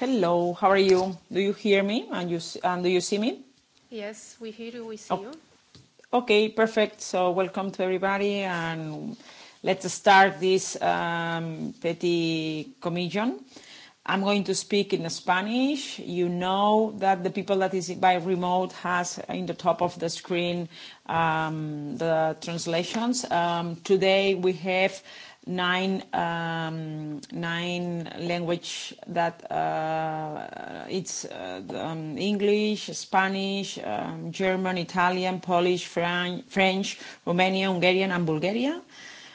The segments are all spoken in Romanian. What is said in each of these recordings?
Hello, how are you? Do you hear me and you and do you see me? Yes, we hear you, we see oh. you. Okay, perfect. So welcome to everybody and let's start this um, petty commission. I'm going to speak in Spanish. You know that the people that is by remote has in the top of the screen um, the translations. Um, today we have nine, um, nine language that uh, it's uh, um, English, Spanish, um, German, Italian, Polish, Fran French, Romanian, Hungarian, and Bulgaria,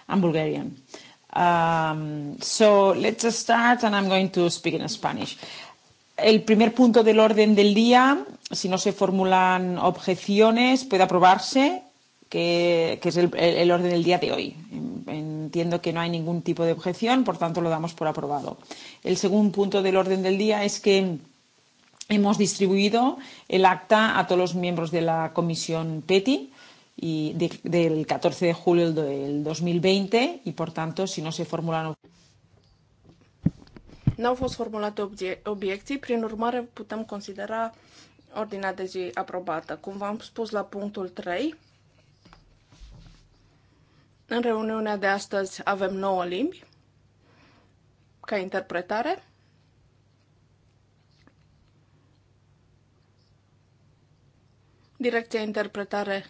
and Bulgarian. Um, so let's start, and I'm going to speak in Spanish. El primer punto del orden del día, si no se formulan objeciones, puede aprobarse, que, que es el, el orden del día de hoy. Entiendo que no hay ningún tipo de objeción, por tanto lo damos por aprobado. El segundo punto del orden del día es que hemos distribuido el acta a todos los miembros de la comisión PETI y de, del 14 de julio del 2020 y por tanto si no se formulan no au fost formulate obie obiecții, prin urmare putem considera ordinea de zi aprobată. Cum v-am spus la punctul 3, în reuniunea de astăzi avem 9 limbi ca interpretare. Direcția interpretare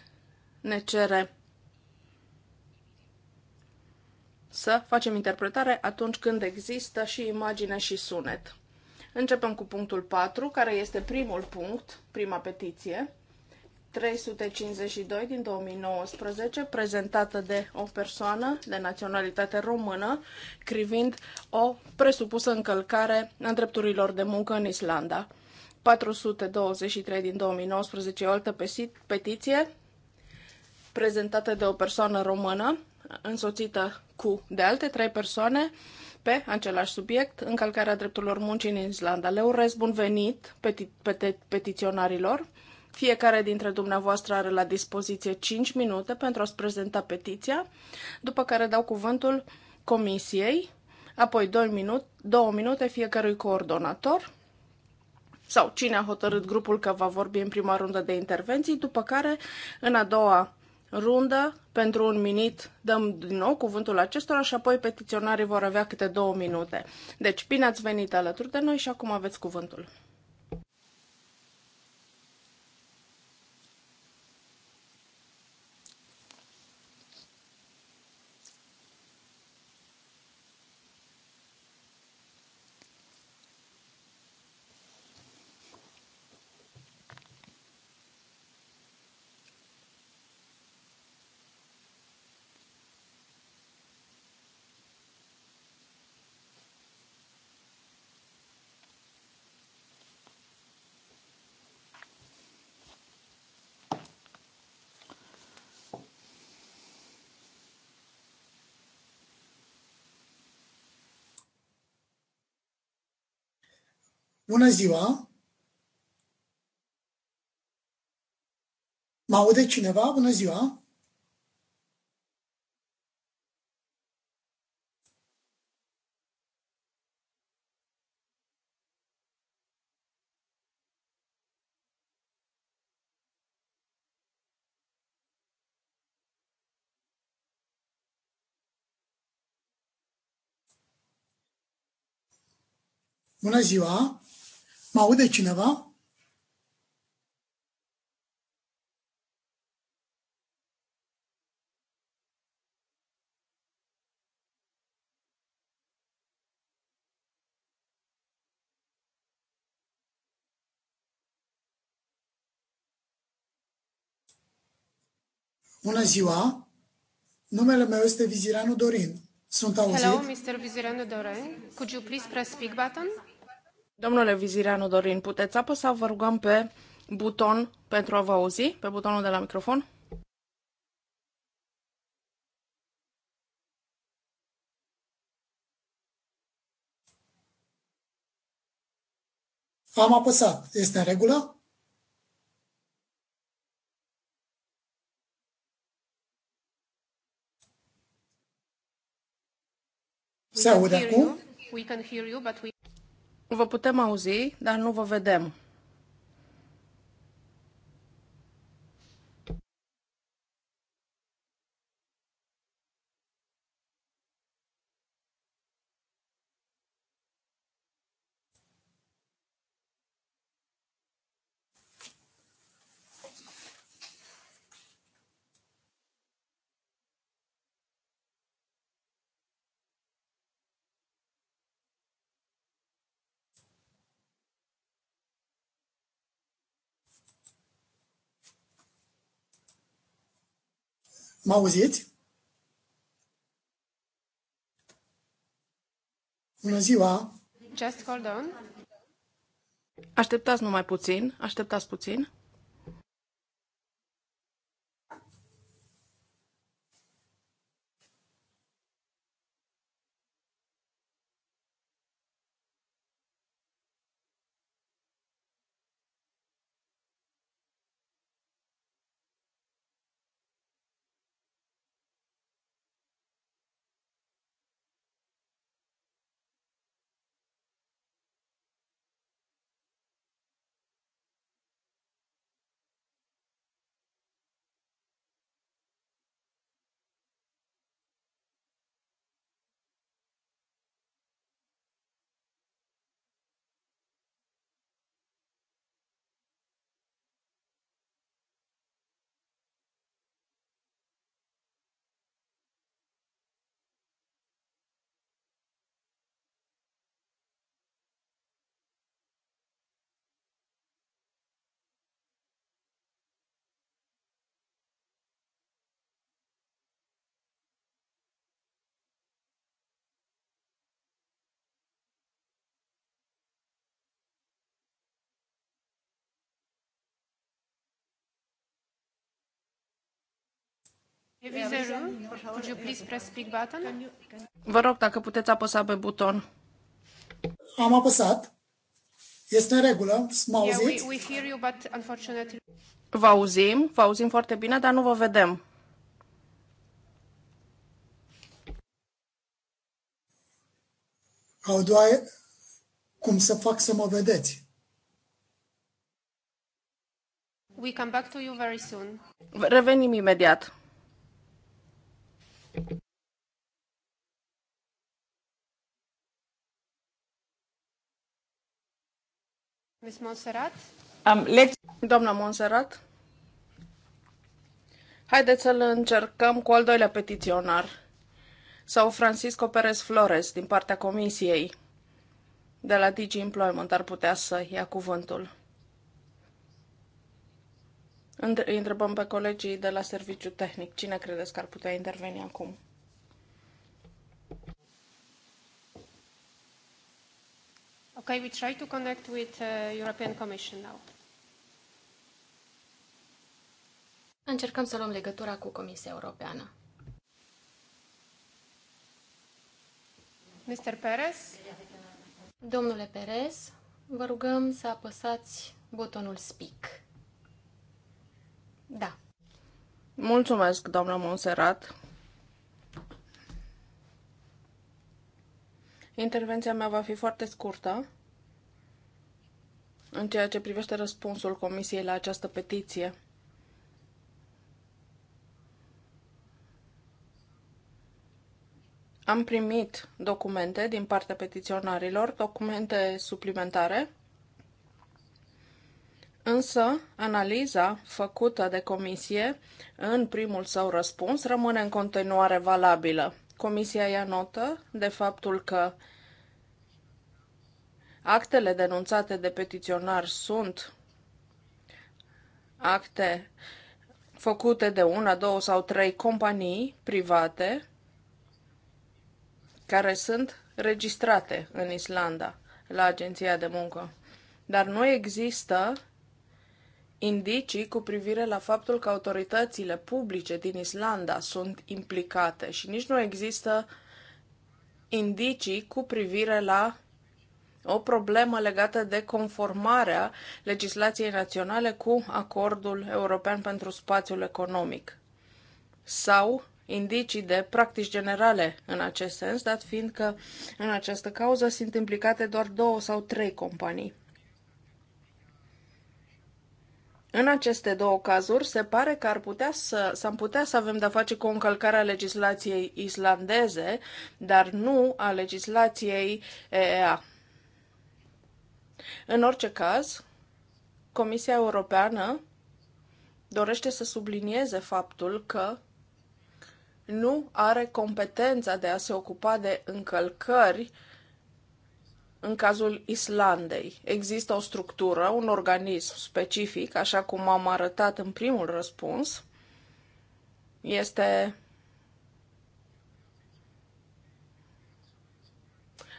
ne cere să facem interpretare atunci când există și imagine și sunet. Începem cu punctul 4, care este primul punct, prima petiție, 352 din 2019, prezentată de o persoană de naționalitate română, crivind o presupusă încălcare a drepturilor de muncă în Islanda. 423 din 2019, o altă petiție, prezentată de o persoană română, însoțită cu de alte trei persoane, pe același subiect, încălcarea drepturilor muncii în Islanda. Le urez bun venit peti- peti- petiționarilor fiecare dintre dumneavoastră are la dispoziție 5 minute pentru a-ți prezenta petiția, după care dau cuvântul comisiei, apoi 2 minute, 2 minute fiecărui coordonator sau cine a hotărât grupul că va vorbi în prima rundă de intervenții, după care în a doua rundă, pentru un minut dăm din nou cuvântul acestora și apoi petiționarii vor avea câte două minute. Deci, bine ați venit alături de noi și acum aveți cuvântul. Bună ziua! Mă aude cineva? Bună ziua! Bună ziua! Mă aude cineva? Bună ziua! Numele meu este Viziranu Dorin. Sunt auzit? Hello, Mr. Viziranu Dorin. Could you please press speak button? Domnule Vizireanu Dorin, puteți apăsa, vă rugăm, pe buton pentru a vă auzi, pe butonul de la microfon? Am apăsat. Este în regulă? Se aude acum? We can hear you, but we... Vă putem auzi, dar nu vă vedem. Mă auziți? Bună ziua! Just hold on. Așteptați numai puțin, așteptați puțin. Vă rog dacă puteți apăsa pe buton. Am apăsat. Este în regulă. Mă auziți? Vă auzim, vă auzim foarte bine, dar nu vă vedem. How do I... Cum să fac să mă vedeți? We come back to you very soon. Revenim imediat. Miss Monserrat? Um, let... Doamna Monserrat? Haideți să-l încercăm cu al doilea petiționar. Sau Francisco Perez Flores, din partea Comisiei, de la Digi Employment, ar putea să ia cuvântul. Îi întrebăm pe colegii de la serviciu tehnic. Cine credeți că ar putea interveni acum? Ok, we try to connect with uh, European Commission now. Încercăm să luăm legătura cu Comisia Europeană. Mr. Perez? Domnule Perez, vă rugăm să apăsați butonul Speak. Da. Mulțumesc, doamna Monserat. Intervenția mea va fi foarte scurtă în ceea ce privește răspunsul Comisiei la această petiție. Am primit documente din partea petiționarilor, documente suplimentare Însă, analiza făcută de comisie în primul său răspuns rămâne în continuare valabilă. Comisia ia notă de faptul că actele denunțate de petiționar sunt acte făcute de una, două sau trei companii private care sunt registrate în Islanda la agenția de muncă. Dar nu există indicii cu privire la faptul că autoritățile publice din Islanda sunt implicate și nici nu există indicii cu privire la o problemă legată de conformarea legislației naționale cu acordul european pentru spațiul economic sau indicii de practici generale în acest sens, dat fiind că în această cauză sunt implicate doar două sau trei companii. În aceste două cazuri, se pare că ar putea să, s-ar putea să avem de-a face cu o încălcare a legislației islandeze, dar nu a legislației EEA. În orice caz, Comisia Europeană dorește să sublinieze faptul că nu are competența de a se ocupa de încălcări în cazul Islandei. Există o structură, un organism specific, așa cum am arătat în primul răspuns. Este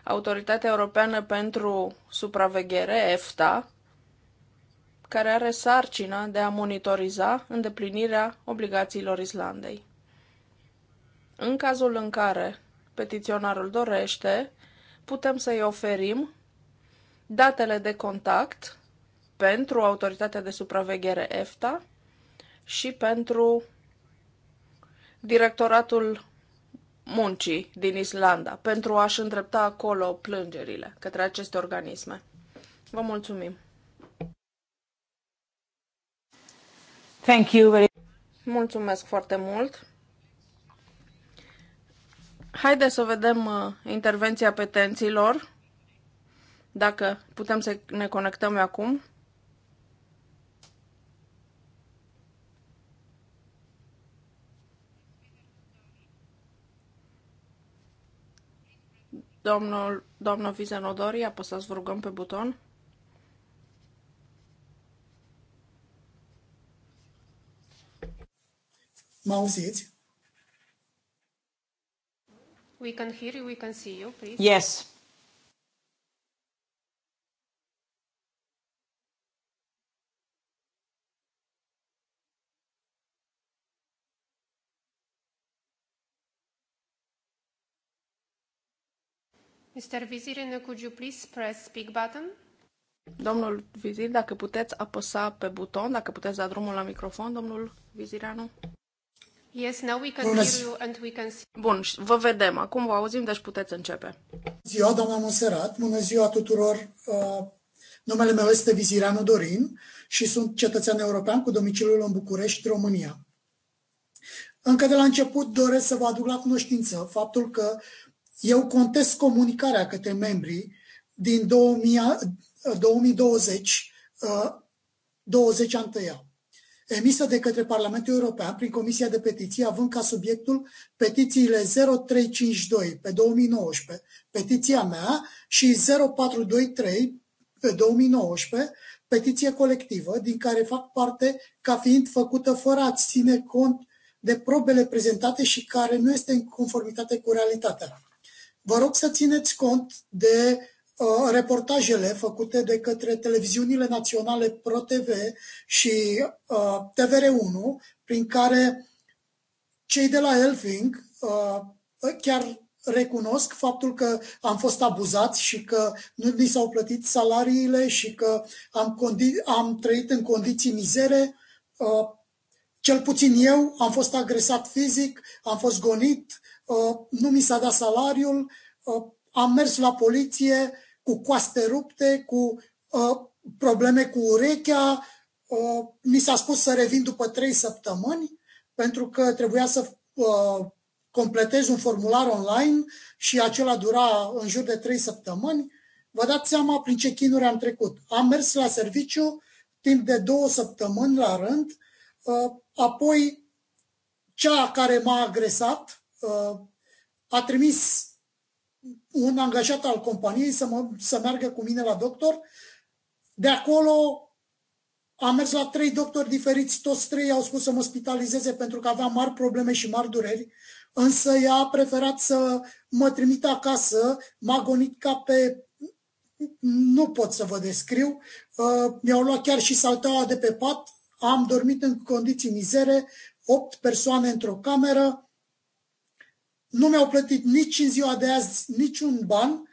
Autoritatea Europeană pentru Supraveghere, EFTA, care are sarcina de a monitoriza îndeplinirea obligațiilor Islandei. În cazul în care petiționarul dorește, putem să-i oferim datele de contact pentru autoritatea de supraveghere EFTA și pentru directoratul muncii din Islanda, pentru a-și îndrepta acolo plângerile către aceste organisme. Vă mulțumim! Thank you very... Mulțumesc foarte mult! Haideți să vedem uh, intervenția petenților, dacă putem să ne conectăm acum. Domnul, doamna Nodori, apăsați, vă rugăm, pe buton. Mă auziți? We can hear you, we can see you, please. Yes. Mr. Vizirin, could you please press speak button? Domnul Vizir, dacă puteți apăsa pe buton, dacă puteți da drumul la microfon, domnul Viziranu. Yes, now we can hear you and we can see. Bun, vă vedem. Acum vă auzim, deci puteți începe. Bună ziua, doamna Monserat. Bună ziua tuturor. Uh, numele meu este Viziranu Dorin și sunt cetățean european cu domiciliul în București, România. Încă de la început doresc să vă aduc la cunoștință faptul că eu contest comunicarea către membrii din 2000, 2020, 20 ani emisă de către Parlamentul European prin Comisia de Petiții, având ca subiectul petițiile 0352 pe 2019, petiția mea, și 0423 pe 2019, petiție colectivă, din care fac parte ca fiind făcută fără a ține cont de probele prezentate și care nu este în conformitate cu realitatea. Vă rog să țineți cont de Uh, reportajele făcute de către televiziunile naționale ProTV și uh, TVR1, prin care cei de la Elfing uh, chiar recunosc faptul că am fost abuzați și că nu ni s-au plătit salariile și că am, condi- am trăit în condiții mizere. Cel puțin eu am fost agresat fizic, am fost gonit, nu mi s-a dat salariul, am mers la poliție, cu coaste rupte, cu uh, probleme cu urechea. Uh, mi s-a spus să revin după trei săptămâni, pentru că trebuia să uh, completez un formular online și acela dura în jur de trei săptămâni. Vă dați seama prin ce chinuri am trecut. Am mers la serviciu timp de două săptămâni la rând, uh, apoi cea care m-a agresat uh, a trimis un angajat al companiei să, mă, să meargă cu mine la doctor. De acolo am mers la trei doctori diferiți, toți trei au spus să mă spitalizeze pentru că aveam mari probleme și mari dureri, însă ea a preferat să mă trimită acasă, m-a gonit ca pe... nu pot să vă descriu, uh, mi-au luat chiar și saltaua de pe pat, am dormit în condiții mizere, opt persoane într-o cameră, nu mi-au plătit nici în ziua de azi niciun ban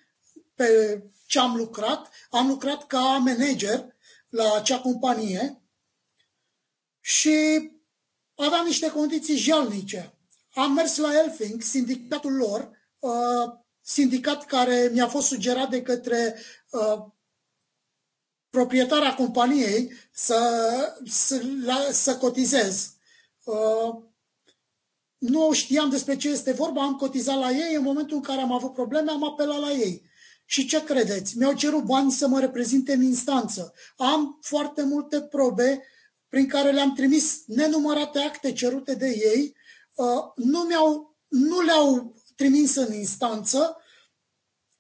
pe ce am lucrat. Am lucrat ca manager la acea companie și aveam niște condiții jalnice. Am mers la Elfing, sindicatul lor, uh, sindicat care mi-a fost sugerat de către uh, proprietarea companiei să, să, la, să cotizez. Uh, nu știam despre ce este vorba, am cotizat la ei, în momentul în care am avut probleme, am apelat la ei. Și ce credeți? Mi-au cerut bani să mă reprezinte în instanță. Am foarte multe probe prin care le-am trimis nenumărate acte cerute de ei, uh, nu, mi-au, nu le-au trimis în instanță,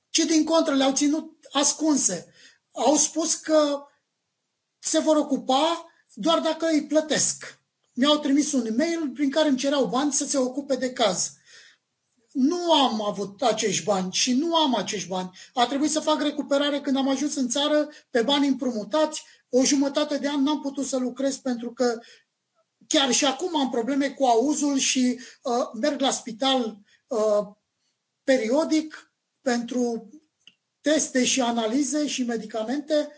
ci din contră le-au ținut ascunse. Au spus că se vor ocupa doar dacă îi plătesc mi-au trimis un e-mail prin care îmi cereau bani să se ocupe de caz. Nu am avut acești bani și nu am acești bani. A trebuit să fac recuperare când am ajuns în țară pe bani împrumutați. O jumătate de an n-am putut să lucrez pentru că chiar și acum am probleme cu auzul și uh, merg la spital uh, periodic pentru teste și analize și medicamente.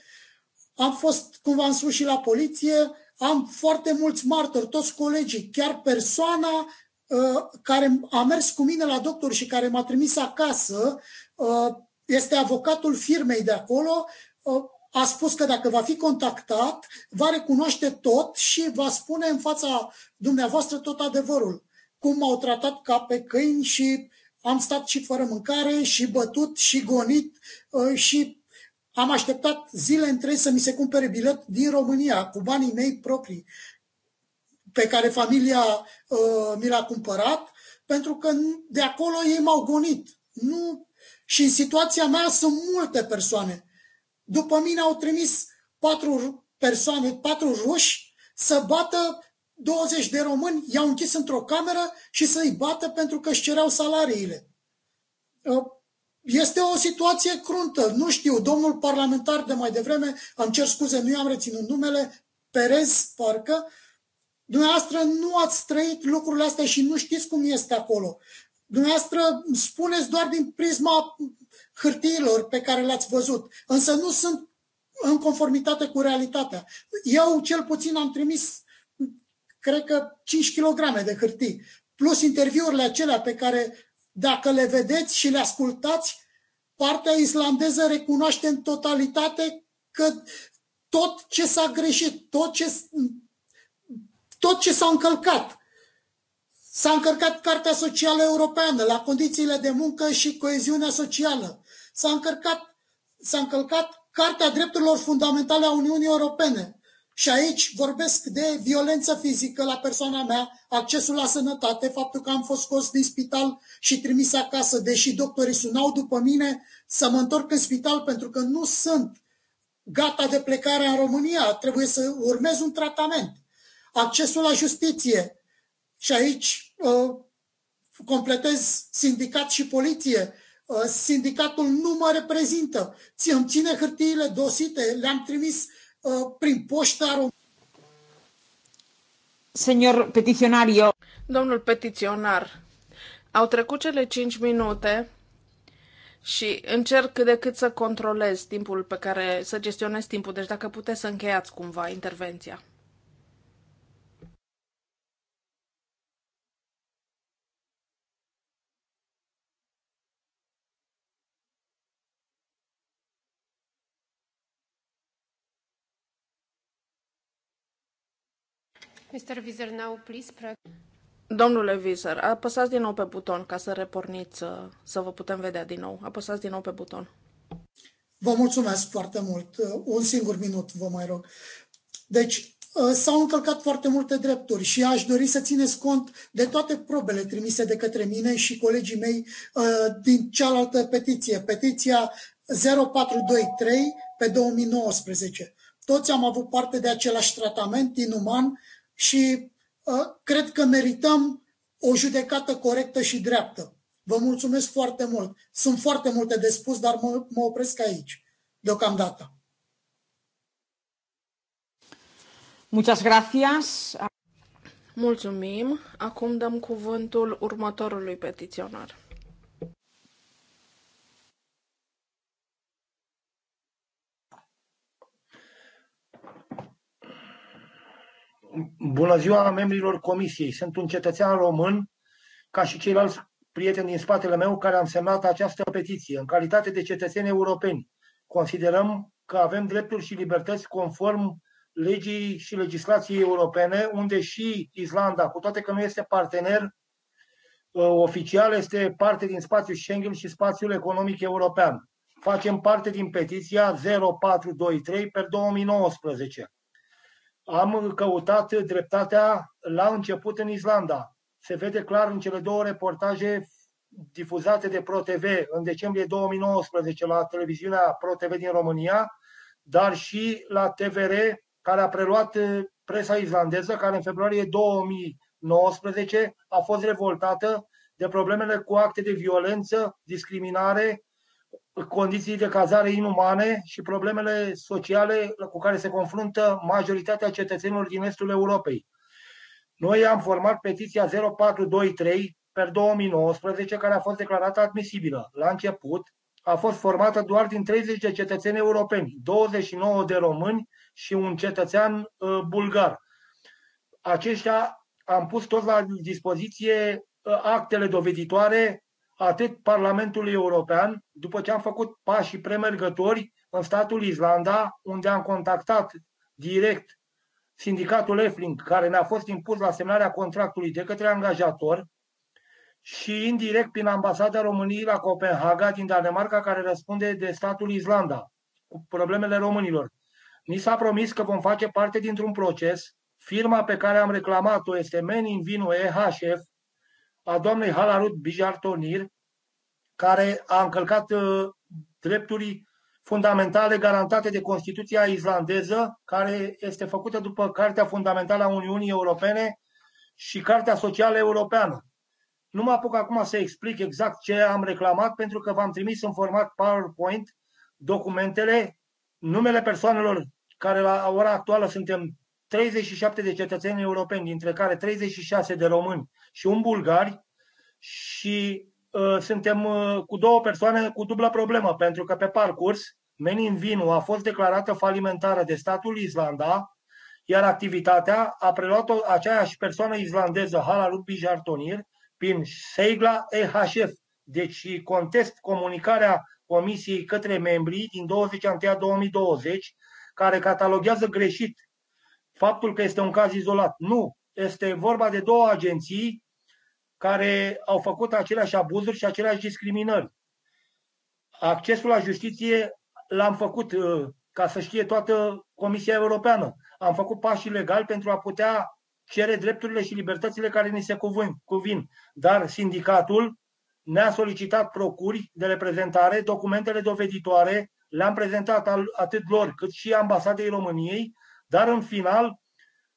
Am fost, cum v-am spus, și la poliție am foarte mulți martori, toți colegii, chiar persoana uh, care a mers cu mine la doctor și care m-a trimis acasă, uh, este avocatul firmei de acolo, uh, a spus că dacă va fi contactat, va recunoaște tot și va spune în fața dumneavoastră tot adevărul. Cum m-au tratat ca pe câini și am stat și fără mâncare și bătut și gonit uh, și am așteptat zile întregi să mi se cumpere bilet din România, cu banii mei proprii, pe care familia uh, mi l-a cumpărat, pentru că de acolo ei m-au gonit. Nu... Și în situația mea sunt multe persoane. După mine au trimis patru persoane, patru ruși, să bată 20 de români, i-au închis într-o cameră și să-i bată pentru că își cereau salariile. Uh, este o situație cruntă. Nu știu, domnul parlamentar de mai devreme, am cer scuze, nu i-am reținut numele, Perez, parcă, dumneavoastră nu ați trăit lucrurile astea și nu știți cum este acolo. Dumneavoastră spuneți doar din prisma hârtiilor pe care le-ați văzut, însă nu sunt în conformitate cu realitatea. Eu cel puțin am trimis, cred că, 5 kg de hârtii, plus interviurile acelea pe care dacă le vedeți și le ascultați, partea islandeză recunoaște în totalitate că tot ce s-a greșit, tot ce, tot ce s-a încălcat, s-a încălcat Cartea Socială Europeană la condițiile de muncă și coeziunea socială, s-a încălcat, s-a încălcat Cartea Drepturilor Fundamentale a Uniunii Europene, și aici vorbesc de violență fizică la persoana mea, accesul la sănătate, faptul că am fost scos din spital și trimis acasă, deși doctorii sunau după mine să mă întorc în spital pentru că nu sunt gata de plecare în România, trebuie să urmez un tratament. Accesul la justiție și aici uh, completez sindicat și poliție. Uh, sindicatul nu mă reprezintă, îmi ține hârtiile dosite, le-am trimis Uh, prin poșta română. Domnul petiționar, au trecut cele 5 minute și încerc cât de cât să controlez timpul pe care, să gestionez timpul. Deci dacă puteți să încheiați cumva intervenția. Mr. Wieser, now please press... Domnule Wieser, apăsați din nou pe buton ca să reporniți, uh, să vă putem vedea din nou. Apăsați din nou pe buton. Vă mulțumesc foarte mult. Uh, un singur minut, vă mai rog. Deci, uh, s-au încălcat foarte multe drepturi și aș dori să țineți cont de toate probele trimise de către mine și colegii mei din cealaltă petiție, petiția 0423 pe 2019. Toți am avut parte de același tratament inuman și uh, cred că merităm o judecată corectă și dreaptă. Vă mulțumesc foarte mult. Sunt foarte multe de spus, dar mă, mă opresc aici, deocamdată. Muchas gracias. Mulțumim. Acum dăm cuvântul următorului petiționar. Bună ziua membrilor comisiei. Sunt un cetățean român, ca și ceilalți prieteni din spatele meu, care am semnat această petiție. În calitate de cetățeni europeni, considerăm că avem drepturi și libertăți conform legii și legislației europene, unde și Islanda, cu toate că nu este partener ă, oficial, este parte din spațiul Schengen și spațiul economic european. Facem parte din petiția 0423 per 2019 am căutat dreptatea la început în Islanda. Se vede clar în cele două reportaje difuzate de ProTV în decembrie 2019 la televiziunea ProTV din România, dar și la TVR, care a preluat presa islandeză, care în februarie 2019 a fost revoltată de problemele cu acte de violență, discriminare condiții de cazare inumane și problemele sociale cu care se confruntă majoritatea cetățenilor din estul Europei. Noi am format petiția 0423 per 2019, care a fost declarată admisibilă. La început a fost formată doar din 30 de cetățeni europeni, 29 de români și un cetățean uh, bulgar. Aceștia am pus tot la dispoziție uh, actele doveditoare atât Parlamentului European, după ce am făcut pașii premergători în statul Islanda, unde am contactat direct sindicatul Efling, care ne-a fost impus la semnarea contractului de către angajator, și indirect prin ambasada României la Copenhaga din Danemarca, care răspunde de statul Islanda, cu problemele românilor. Ni s-a promis că vom face parte dintr-un proces. Firma pe care am reclamat-o este Men in Vino EHF, a doamnei Halarut Bijartonir, care a încălcat uh, drepturi fundamentale garantate de Constituția islandeză, care este făcută după Cartea Fundamentală a Uniunii Europene și Cartea Socială Europeană. Nu mă apuc acum să explic exact ce am reclamat, pentru că v-am trimis în format PowerPoint documentele, numele persoanelor care la ora actuală suntem 37 de cetățeni europeni, dintre care 36 de români și un bulgari și uh, suntem uh, cu două persoane cu dublă problemă, pentru că pe parcurs Menin Vinu a fost declarată falimentară de statul Islanda, iar activitatea a preluat-o aceeași persoană islandeză, Halalut Bijartonir, prin Seigla EHF. Deci contest comunicarea Comisiei către membrii din 20 2020, care cataloguează greșit faptul că este un caz izolat. Nu. Este vorba de două agenții care au făcut aceleași abuzuri și aceleași discriminări. Accesul la justiție l-am făcut uh, ca să știe toată Comisia Europeană. Am făcut pași legali pentru a putea cere drepturile și libertățile care ni se cuvin. Dar sindicatul ne-a solicitat procuri de reprezentare, documentele doveditoare, le-am prezentat atât lor cât și ambasadei României dar în final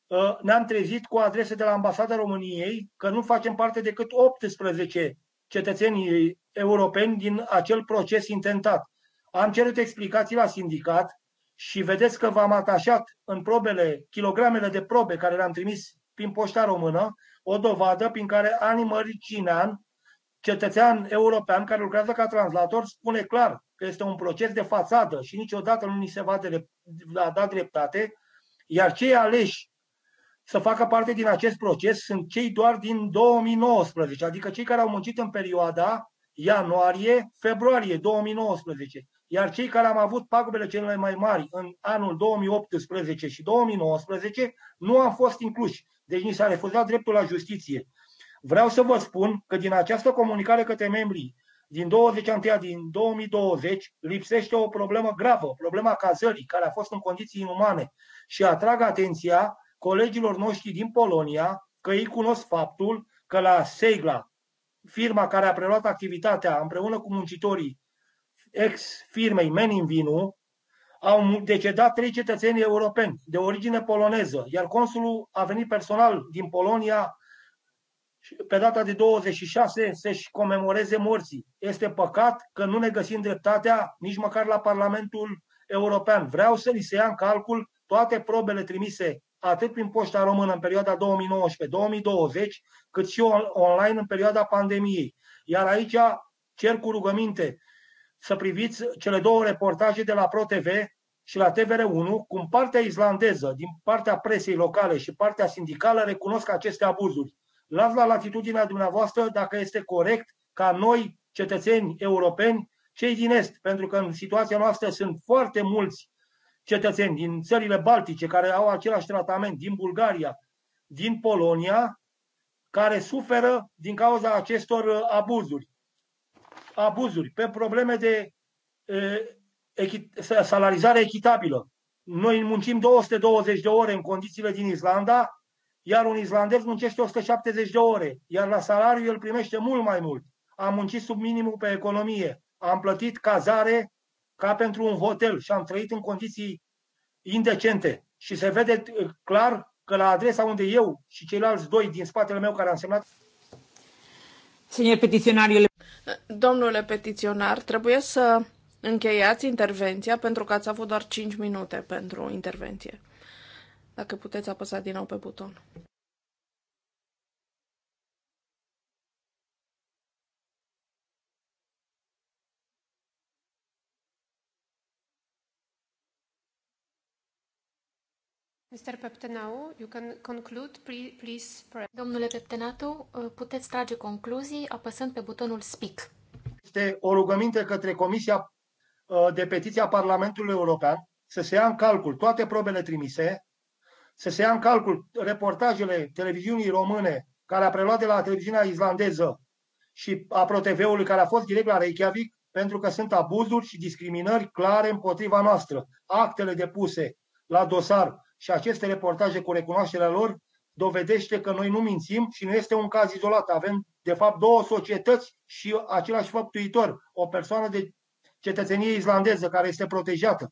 uh, ne-am trezit cu adrese de la Ambasada României că nu facem parte decât 18 cetățeni europeni din acel proces intentat. Am cerut explicații la sindicat și vedeți că v-am atașat în probele, kilogramele de probe care le-am trimis prin poșta română, o dovadă prin care Ani Măricinean, cetățean european care lucrează ca translator, spune clar că este un proces de fațadă și niciodată nu ni se va da, da dreptate iar cei aleși să facă parte din acest proces sunt cei doar din 2019, adică cei care au muncit în perioada ianuarie-februarie 2019. Iar cei care am avut pagubele cele mai mari în anul 2018 și 2019 nu au fost incluși. Deci ni s-a refuzat dreptul la justiție. Vreau să vă spun că din această comunicare către membrii din 21 din 2020 lipsește o problemă gravă, problema cazării, care a fost în condiții inumane. Și atrag atenția colegilor noștri din Polonia că ei cunosc faptul că la Segla, firma care a preluat activitatea împreună cu muncitorii ex-firmei Menin Vinu, au decedat trei cetățeni europeni de origine poloneză, iar consulul a venit personal din Polonia pe data de 26 să-și comemoreze morții. Este păcat că nu ne găsim dreptatea nici măcar la Parlamentul European. Vreau să li se ia în calcul toate probele trimise atât prin poșta română în perioada 2019-2020, cât și online în perioada pandemiei. Iar aici cer cu rugăminte să priviți cele două reportaje de la ProTV și la TVR1, cum partea islandeză, din partea presei locale și partea sindicală, recunosc aceste abuzuri las la latitudinea dumneavoastră dacă este corect ca noi, cetățeni europeni, cei din Est, pentru că în situația noastră sunt foarte mulți cetățeni din țările baltice care au același tratament, din Bulgaria, din Polonia, care suferă din cauza acestor uh, abuzuri. Abuzuri pe probleme de uh, echi, salarizare echitabilă. Noi muncim 220 de ore în condițiile din Islanda, iar un islandez muncește 170 de ore, iar la salariu el primește mult mai mult. Am muncit sub minimul pe economie, am plătit cazare ca pentru un hotel și am trăit în condiții indecente. Și se vede uh, clar că la adresa unde eu și ceilalți doi din spatele meu care am semnat Domnule petiționar, trebuie să încheiați intervenția pentru că ați avut doar 5 minute pentru intervenție. Dacă puteți apăsa din nou pe buton. Mr. Peptenau, you can conclude, please press. Domnule Peptenatu, puteți trage concluzii apăsând pe butonul Speak. Este o rugăminte către Comisia uh, de Petiția Parlamentului European să se ia în calcul toate probele trimise să se ia în calcul reportajele televiziunii române care a preluat de la televiziunea islandeză și a ProTV-ului care a fost direct la Reykjavik, pentru că sunt abuzuri și discriminări clare împotriva noastră. Actele depuse la dosar și aceste reportaje cu recunoașterea lor dovedește că noi nu mințim și nu este un caz izolat. Avem, de fapt, două societăți și același făptuitor, o persoană de cetățenie islandeză care este protejată.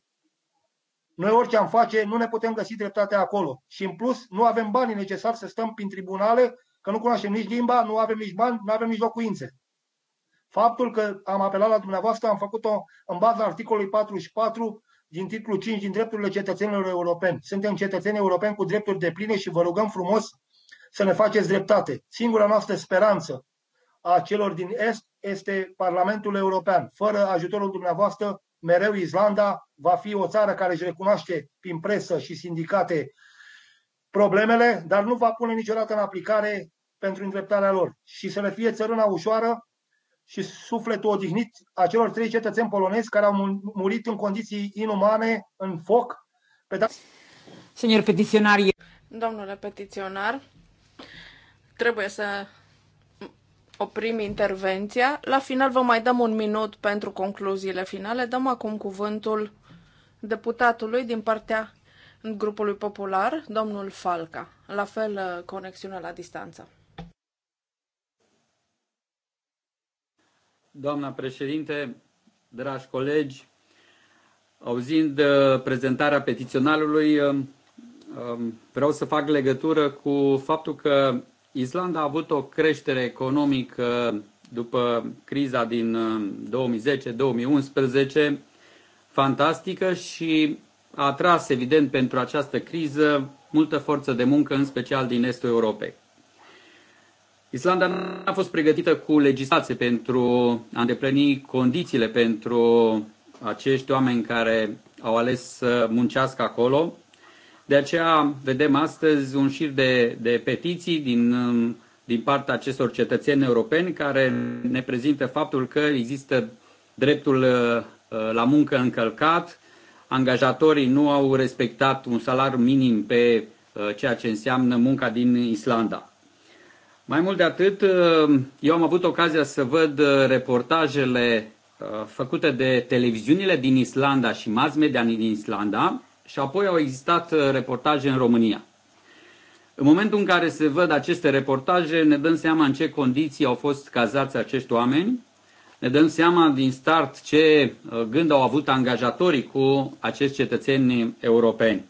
Noi orice am face, nu ne putem găsi dreptatea acolo. Și în plus, nu avem banii necesari să stăm prin tribunale, că nu cunoaștem nici limba, nu avem nici bani, nu avem nici locuințe. Faptul că am apelat la dumneavoastră, am făcut-o în baza articolului 44 din titlul 5 din drepturile cetățenilor europeni. Suntem cetățeni europeni cu drepturi de pline și vă rugăm frumos să ne faceți dreptate. Singura noastră speranță a celor din Est este Parlamentul European. Fără ajutorul dumneavoastră, mereu Islanda, va fi o țară care își recunoaște prin presă și sindicate problemele, dar nu va pune niciodată în aplicare pentru îndreptarea lor. Și să le fie țărâna ușoară și sufletul odihnit a celor trei cetățeni polonezi care au murit în condiții inumane, în foc, pe da- Senior petiționar. Domnule petiționar, trebuie să oprim intervenția. La final vă mai dăm un minut pentru concluziile finale. Dăm acum cuvântul deputatului din partea grupului popular, domnul Falca. La fel, uh, conexiune la distanță. Doamna președinte, dragi colegi, auzind uh, prezentarea petiționalului, um, um, vreau să fac legătură cu faptul că Islanda a avut o creștere economică după criza din 2010-2011 uh, fantastică și a atras, evident, pentru această criză multă forță de muncă, în special din estul Europei. Islanda nu a fost pregătită cu legislație pentru a îndeplini condițiile pentru acești oameni care au ales să muncească acolo. De aceea vedem astăzi un șir de, de petiții din, din partea acestor cetățeni europeni care ne prezintă faptul că există dreptul Uh, la muncă încălcat, angajatorii nu au respectat un salariu minim pe uh, ceea ce înseamnă munca din Islanda. Mai mult de atât, uh, eu am avut ocazia să văd reportajele făcute de televiziunile din Islanda și mass media din Islanda și apoi au existat reportaje în România. În momentul în care se văd aceste reportaje, ne dăm seama în ce condiții au fost cazați acești oameni ne dăm seama din start ce uh, gând au avut angajatorii cu acești cetățeni europeni.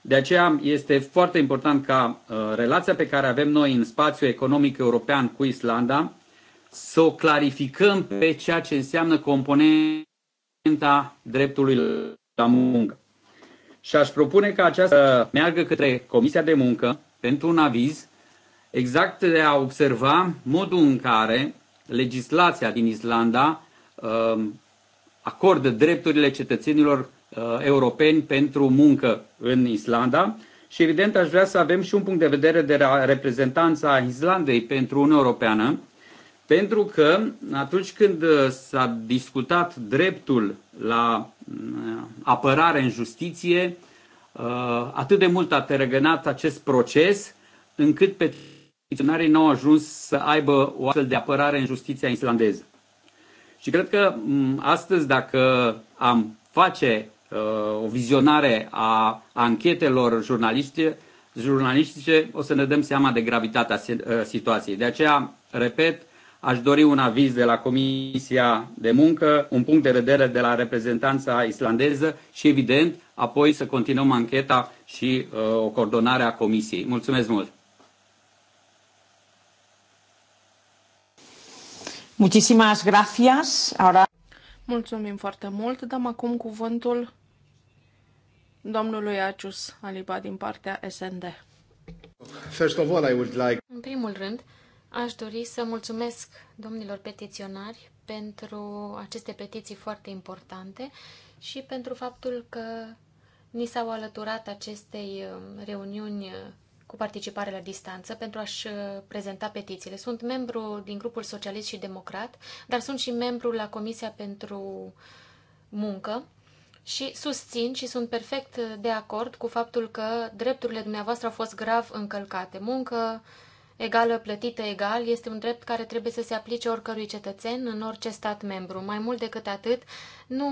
De aceea este foarte important ca uh, relația pe care avem noi în spațiul economic european cu Islanda să o clarificăm pe ceea ce înseamnă componenta dreptului la muncă. Și aș propune ca aceasta meargă către Comisia de Muncă pentru un aviz exact de a observa modul în care legislația din Islanda um, acordă drepturile cetățenilor uh, europeni pentru muncă în Islanda și evident aș vrea să avem și un punct de vedere de reprezentanța Islandei pentru Uniunea Europeană, pentru că atunci când uh, s-a discutat dreptul la uh, apărare în justiție, atât de mult a terăgănat acest proces încât pe Funcționarii n-au ajuns să aibă o astfel de apărare în justiția islandeză. Și cred că mm, astăzi, dacă am face uh, o vizionare a anchetelor jurnalistice, jurnalistice, o să ne dăm seama de gravitatea uh, situației. De aceea, repet, aș dori un aviz de la Comisia de Muncă, un punct de vedere de la reprezentanța islandeză și, evident, apoi să continuăm ancheta și uh, o coordonare a Comisiei. Mulțumesc mult! Muchísimas gracias. Ahora... Mulțumim foarte mult. Dăm acum cuvântul domnului Acius Aliba din partea SND. First of all, I would like... În primul rând, aș dori să mulțumesc domnilor petiționari pentru aceste petiții foarte importante și pentru faptul că ni s-au alăturat acestei um, reuniuni cu participare la distanță pentru a-și uh, prezenta petițiile. Sunt membru din grupul Socialist și Democrat, dar sunt și membru la Comisia pentru Muncă și susțin și sunt perfect de acord cu faptul că drepturile dumneavoastră au fost grav încălcate. Muncă egală plătită egal este un drept care trebuie să se aplice oricărui cetățen în orice stat membru. Mai mult decât atât, nu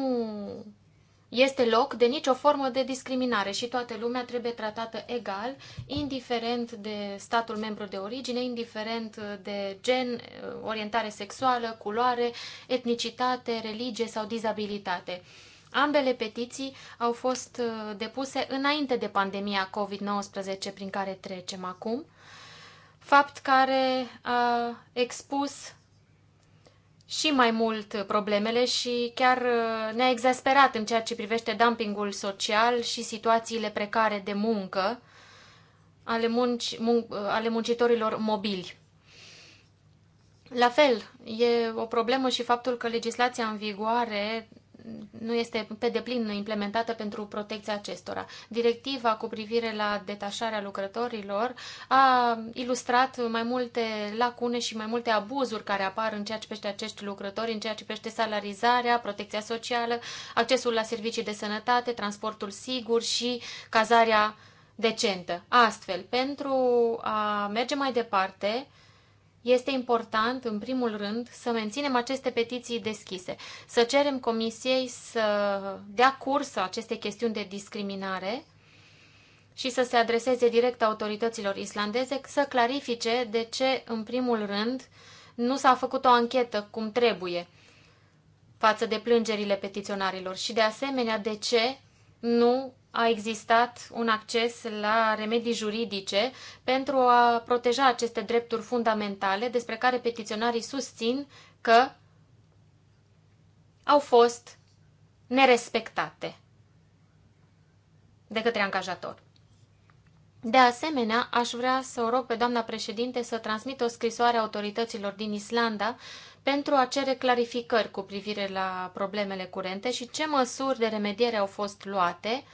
este loc de nicio formă de discriminare și toată lumea trebuie tratată egal, indiferent de statul membru de origine, indiferent de gen, orientare sexuală, culoare, etnicitate, religie sau dizabilitate. Ambele petiții au fost uh, depuse înainte de pandemia COVID-19 prin care trecem acum, fapt care a expus și mai mult problemele și chiar uh, ne-a exasperat în ceea ce privește dumpingul social și situațiile precare de muncă ale, munci, mun, uh, ale muncitorilor mobili. La fel, e o problemă și faptul că legislația în vigoare nu este pe deplin implementată pentru protecția acestora. Directiva cu privire la detașarea lucrătorilor a ilustrat mai multe lacune și mai multe abuzuri care apar în ceea ce privește acești lucrători, în ceea ce privește salarizarea, protecția socială, accesul la servicii de sănătate, transportul sigur și cazarea decentă. Astfel, pentru a merge mai departe, este important, în primul rând, să menținem aceste petiții deschise, să cerem comisiei să dea curs aceste chestiuni de discriminare și să se adreseze direct autorităților islandeze să clarifice de ce, în primul rând, nu s-a făcut o anchetă cum trebuie față de plângerile petiționarilor și, de asemenea, de ce nu a existat un acces la remedii juridice pentru a proteja aceste drepturi fundamentale despre care petiționarii susțin că au fost nerespectate de către angajator. De asemenea, aș vrea să o rog pe doamna președinte să transmită o scrisoare autorităților din Islanda pentru a cere clarificări cu privire la problemele curente și ce măsuri de remediere au fost luate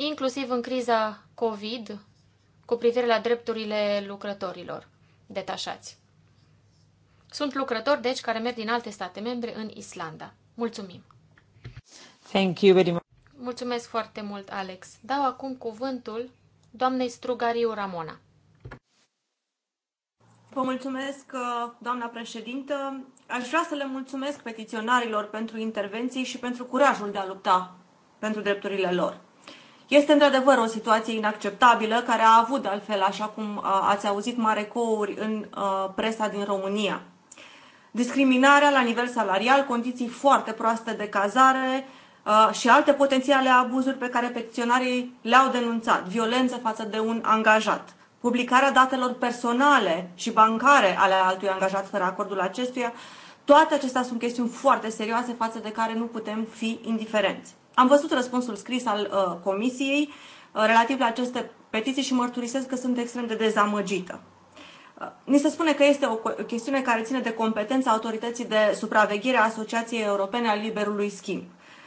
inclusiv în criza COVID cu privire la drepturile lucrătorilor detașați. Sunt lucrători, deci, care merg din alte state membre în Islanda. Mulțumim! Thank you very much. Mulțumesc foarte mult, Alex. Dau acum cuvântul doamnei Strugariu Ramona. Vă mulțumesc, uh, doamna președintă. Aș vrea să le mulțumesc petiționarilor pentru intervenții și pentru curajul de a lupta pentru drepturile lor. Este într-adevăr o situație inacceptabilă care a avut, de altfel, așa cum ați auzit, mare couri în presa din România. Discriminarea la nivel salarial, condiții foarte proaste de cazare și alte potențiale abuzuri pe care petiționarii le-au denunțat, violență față de un angajat, publicarea datelor personale și bancare ale altui angajat fără acordul acestuia, toate acestea sunt chestiuni foarte serioase față de care nu putem fi indiferenți. Am văzut răspunsul scris al uh, comisiei uh, relativ la aceste petiții și mărturisesc că sunt extrem de dezamăgită. Uh, ni se spune că este o chestiune care ține de competența autorității de supraveghere a Asociației Europene a Liberului Schimb,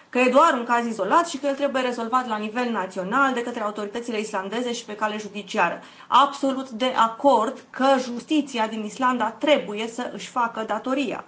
că e doar un caz izolat și că el trebuie rezolvat la nivel național de către autoritățile islandeze și pe cale judiciară. Absolut de acord că justiția din Islanda trebuie să își facă datoria.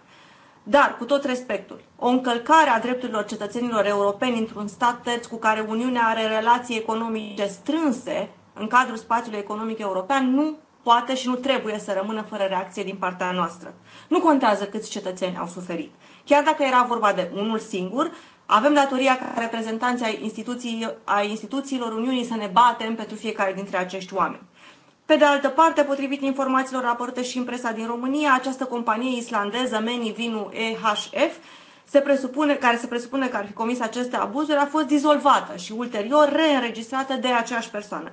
Dar, cu tot respectul, o încălcare a drepturilor cetățenilor europeni într-un stat terț cu care Uniunea are relații economice strânse în cadrul spațiului economic european nu poate și nu trebuie să rămână fără reacție din partea noastră. Nu contează câți cetățeni au suferit. Chiar dacă era vorba de unul singur, avem datoria ca reprezentanții ai, instituții, ai instituțiilor Uniunii să ne batem pentru fiecare dintre acești oameni. Pe de altă parte, potrivit informațiilor raportate și în presa din România, această companie islandeză Meni Vinu EHF se presupune, care se presupune că ar fi comis aceste abuzuri a fost dizolvată și ulterior reînregistrată de aceeași persoană.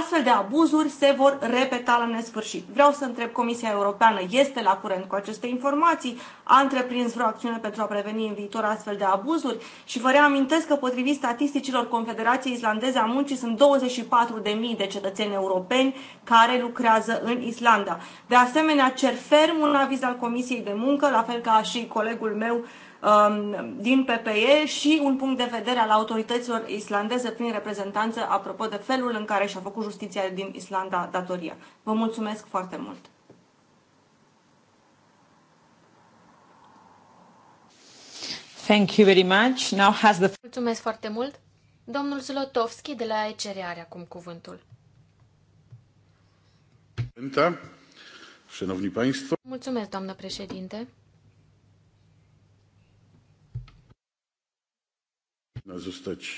Astfel de abuzuri se vor repeta la nesfârșit. Vreau să întreb Comisia Europeană, este la curent cu aceste informații? A întreprins vreo acțiune pentru a preveni în viitor astfel de abuzuri? Și vă reamintesc că potrivit statisticilor Confederației Islandeze a Muncii sunt 24.000 de cetățeni europeni care lucrează în Islanda. De asemenea, cer ferm un aviz al Comisiei de Muncă, la fel ca și colegul meu, Um, din PPE și un punct de vedere al autorităților islandeze prin reprezentanță apropo de felul în care și-a făcut justiția din Islanda datoria. Vă mulțumesc foarte mult! Thank you very much. Now has the... Mulțumesc foarte mult! Domnul Zlotovski de la ECR are acum cuvântul. Mulțumesc, doamnă președinte. Zostać,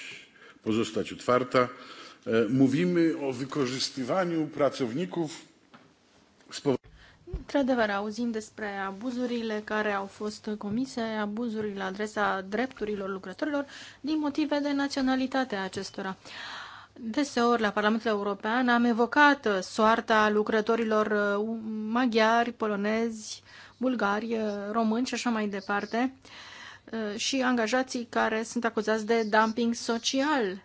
pozostać otwarta. Mówimy o wykorzystywaniu pracowników z Într-adevăr, auzim despre abuzurile care au fost comise, abuzurile la adresa drepturilor lucrătorilor din motive de naționalitate a acestora. Deseori la Parlamentul European am evocat soarta lucrătorilor uh, maghiari, polonezi, bulgari, uh, români și așa mai departe. Uh, Uh, și angajații care sunt acuzați de dumping social.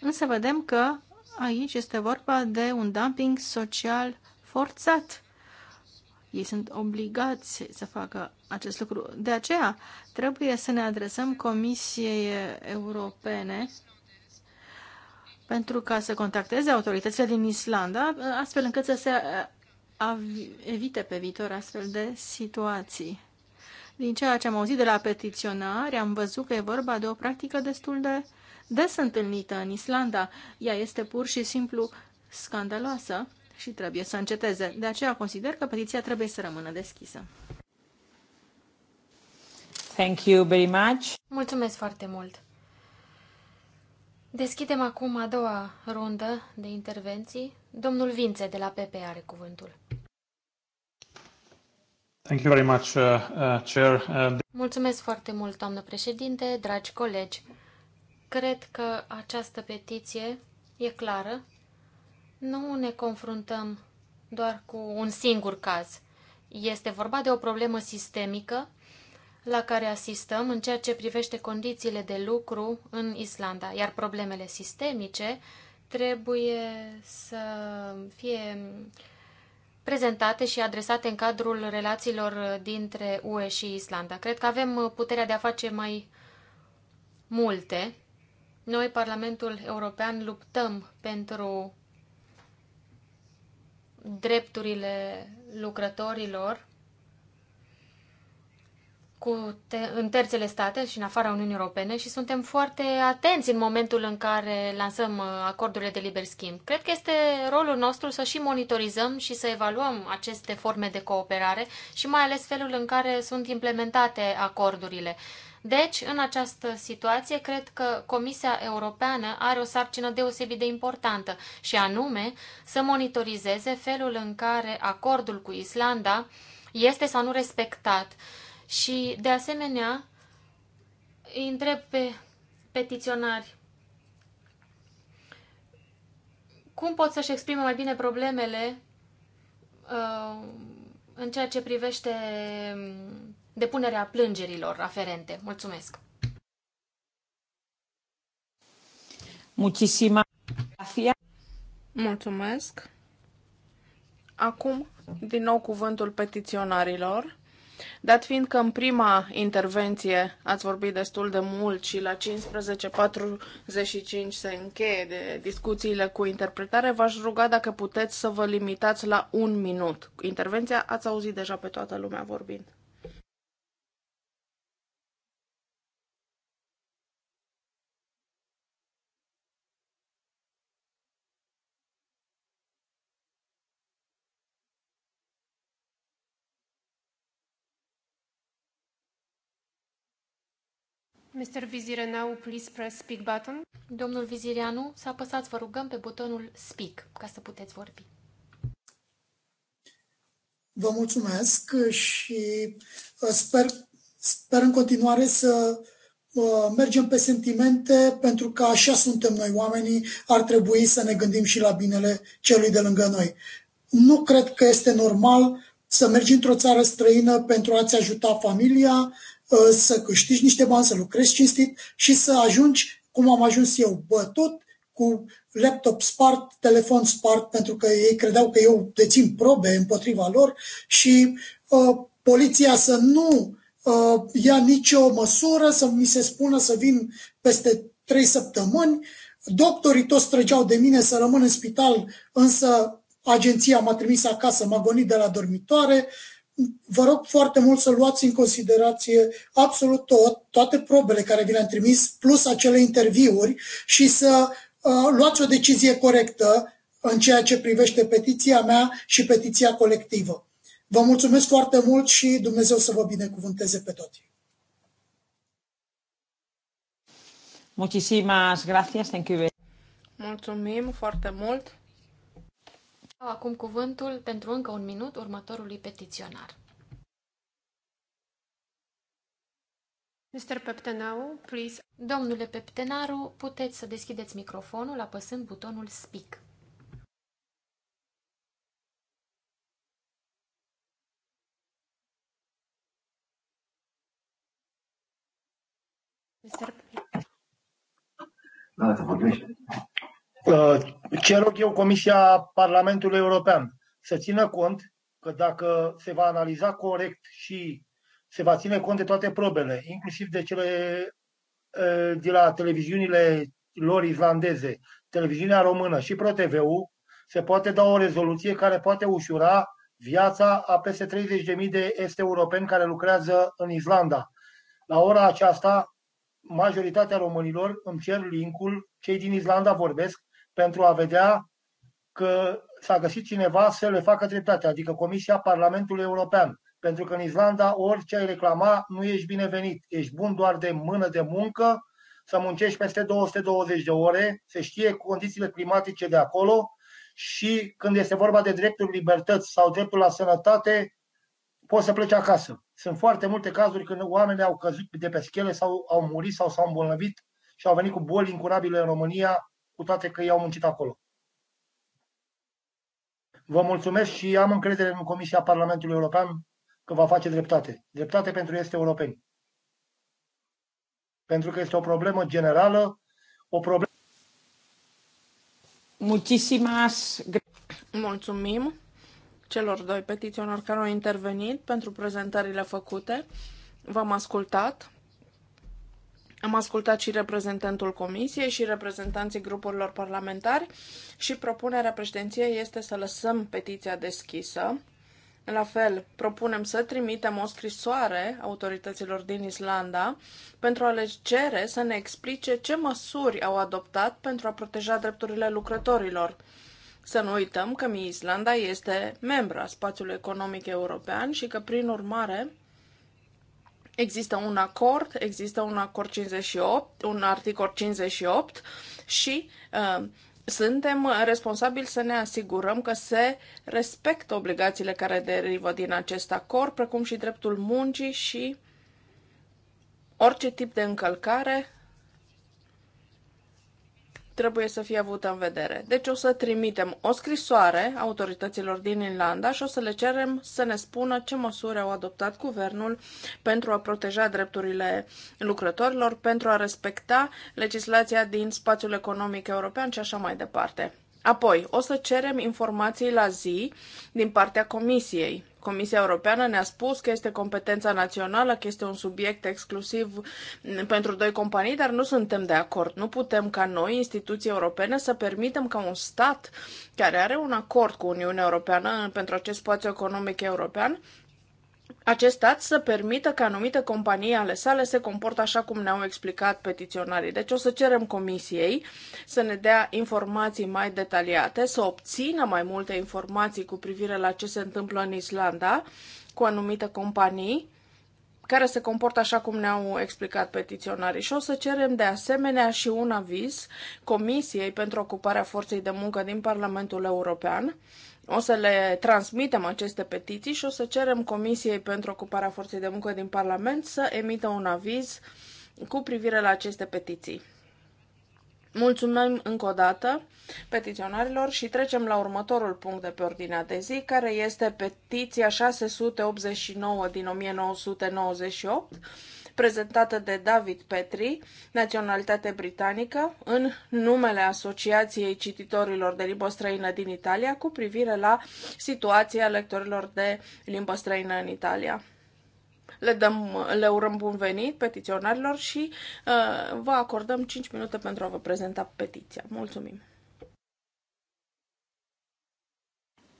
Însă vedem că aici este vorba de un dumping social forțat. Ei sunt obligați să facă acest lucru. De aceea trebuie să ne adresăm Comisiei Europene pentru ca să contacteze autoritățile din Islanda, uh, astfel încât să se uh, evite pe viitor astfel de situații. Din ceea ce am auzit de la petiționari, am văzut că e vorba de o practică destul de des întâlnită în Islanda. Ea este pur și simplu scandaloasă și trebuie să înceteze. De aceea consider că petiția trebuie să rămână deschisă. Thank you very much. Mulțumesc foarte mult. Deschidem acum a doua rundă de intervenții. Domnul Vințe de la PP are cuvântul. Thank you very much, uh, uh, Chair. Uh, Mulțumesc foarte mult, doamnă președinte, dragi colegi. Cred că această petiție e clară. Nu ne confruntăm doar cu un singur caz. Este vorba de o problemă sistemică la care asistăm în ceea ce privește condițiile de lucru în Islanda, iar problemele sistemice trebuie să fie uh, prezentate și adresate în cadrul relațiilor dintre UE și Islanda. Cred că avem puterea de a face mai multe. Noi, Parlamentul European, luptăm pentru drepturile lucrătorilor cu te- în terțele state și în afara Uniunii Europene și suntem foarte atenți în momentul în care lansăm uh, acordurile de liber schimb. Cred că este rolul nostru să și monitorizăm și să evaluăm aceste forme de cooperare și mai ales felul în care sunt implementate acordurile. Deci, în această situație, cred că Comisia Europeană are o sarcină deosebit de importantă și anume să monitorizeze felul în care acordul cu Islanda este sau nu respectat și, de asemenea, îi întreb pe petiționari cum pot să-și exprime mai bine problemele uh, în ceea ce privește um, depunerea plângerilor aferente. Mulțumesc! Muchisima. Mulțumesc! Acum, din nou cuvântul petiționarilor. Dat fiind că în prima intervenție ați vorbit destul de mult și la 15.45 se încheie de discuțiile cu interpretare, v-aș ruga dacă puteți să vă limitați la un minut. Intervenția ați auzit deja pe toată lumea vorbind. Mr. Vizirenau, please press speak button. Domnul Vizireanu, să apăsați, vă rugăm, pe butonul speak ca să puteți vorbi. Vă mulțumesc și uh, sper, sper în continuare să uh, mergem pe sentimente pentru că așa suntem noi oamenii, ar trebui să ne gândim și la binele celui de lângă noi. Nu cred că este normal să mergi într-o țară străină pentru a-ți ajuta familia, Ă, să câștigi niște bani, să lucrezi cinstit și să ajungi, cum am ajuns eu, bătut, cu laptop spart, telefon spart, pentru că ei credeau că eu dețin probe împotriva lor și uh, poliția să nu uh, ia nicio măsură, să mi se spună să vin peste trei săptămâni. Doctorii toți trăgeau de mine să rămân în spital, însă agenția m-a trimis acasă, m-a gonit de la dormitoare. Uh, vă rog foarte mult să luați în considerație absolut tot, toate probele care vi le-am trimis, plus acele interviuri și să uh, luați o decizie corectă în ceea ce privește petiția mea și petiția colectivă. Vă mulțumesc foarte mult și Dumnezeu să vă binecuvânteze pe toți. Muchísimas gracias, thank you. Mulțumim foarte mult. Dau acum cuvântul pentru încă un minut următorului petiționar. Mr. Peptenau, please. Domnule Peptenaru, puteți să deschideți microfonul apăsând butonul Speak. Mr. Da, să vorbești. Uh, ce rog eu Comisia Parlamentului European? Să țină cont că dacă se va analiza corect și se va ține cont de toate probele, inclusiv de cele uh, de la televiziunile lor islandeze, televiziunea română și ProTV-ul, se poate da o rezoluție care poate ușura viața a peste 30.000 de este europeni care lucrează în Islanda. La ora aceasta, majoritatea românilor îmi cer linkul, cei din Islanda vorbesc, pentru a vedea că s-a găsit cineva să le facă dreptate, adică Comisia Parlamentului European. Pentru că în Islanda orice ai reclama nu ești binevenit. Ești bun doar de mână de muncă, să muncești peste 220 de ore, se știe condițiile climatice de acolo și când este vorba de dreptul libertăți sau dreptul la sănătate, poți să pleci acasă. Sunt foarte multe cazuri când oamenii au căzut de pe schele sau au murit sau s-au îmbolnăvit și au venit cu boli incurabile în România cu toate că i am muncit acolo. Vă mulțumesc și am încredere în Comisia Parlamentului European că va face dreptate. Dreptate pentru este europeni. Pentru că este o problemă generală, o problemă. Muchísimas Mulțumim celor doi petiționari care au intervenit pentru prezentările făcute. V-am ascultat. Am ascultat și reprezentantul Comisiei și reprezentanții grupurilor parlamentari și propunerea președinției este să lăsăm petiția deschisă. La fel, propunem să trimitem o scrisoare autorităților din Islanda pentru a le cere să ne explice ce măsuri au adoptat pentru a proteja drepturile lucrătorilor. Să nu uităm că Islanda este membra spațiului economic european și că, prin urmare, Există un acord, există un acord 58, un articol 58 și uh, suntem responsabili să ne asigurăm că se respectă obligațiile care derivă din acest acord, precum și dreptul muncii și orice tip de încălcare trebuie să fie avută în vedere. Deci o să trimitem o scrisoare autorităților din Irlanda și o să le cerem să ne spună ce măsuri au adoptat guvernul pentru a proteja drepturile lucrătorilor, pentru a respecta legislația din spațiul economic european și așa mai departe. Apoi, o să cerem informații la zi din partea Comisiei Comisia Europeană ne-a spus că este competența națională, că este un subiect exclusiv pentru doi companii, dar nu suntem de acord. Nu putem ca noi, instituții europene, să permitem ca un stat care are un acord cu Uniunea Europeană pentru acest spațiu economic european acest stat să permită că anumite companii ale sale se comportă așa cum ne-au explicat petiționarii. Deci o să cerem comisiei să ne dea informații mai detaliate, să obțină mai multe informații cu privire la ce se întâmplă în Islanda cu anumite companii care se comportă așa cum ne-au explicat petiționarii. Și o să cerem de asemenea și un aviz Comisiei pentru Ocuparea Forței de Muncă din Parlamentul European o să le transmitem aceste petiții și o să cerem Comisiei pentru Ocuparea Forței de Muncă din Parlament să emită un aviz cu privire la aceste petiții. Mulțumim încă o dată petiționarilor și trecem la următorul punct de pe ordinea de zi, care este petiția 689 din 1998 prezentată de David Petri, naționalitate britanică, în numele Asociației Cititorilor de Limbă Străină din Italia cu privire la situația lectorilor de limbă străină în Italia le, dăm, le urăm bun venit petiționarilor și uh, vă acordăm 5 minute pentru a vă prezenta petiția. Mulțumim!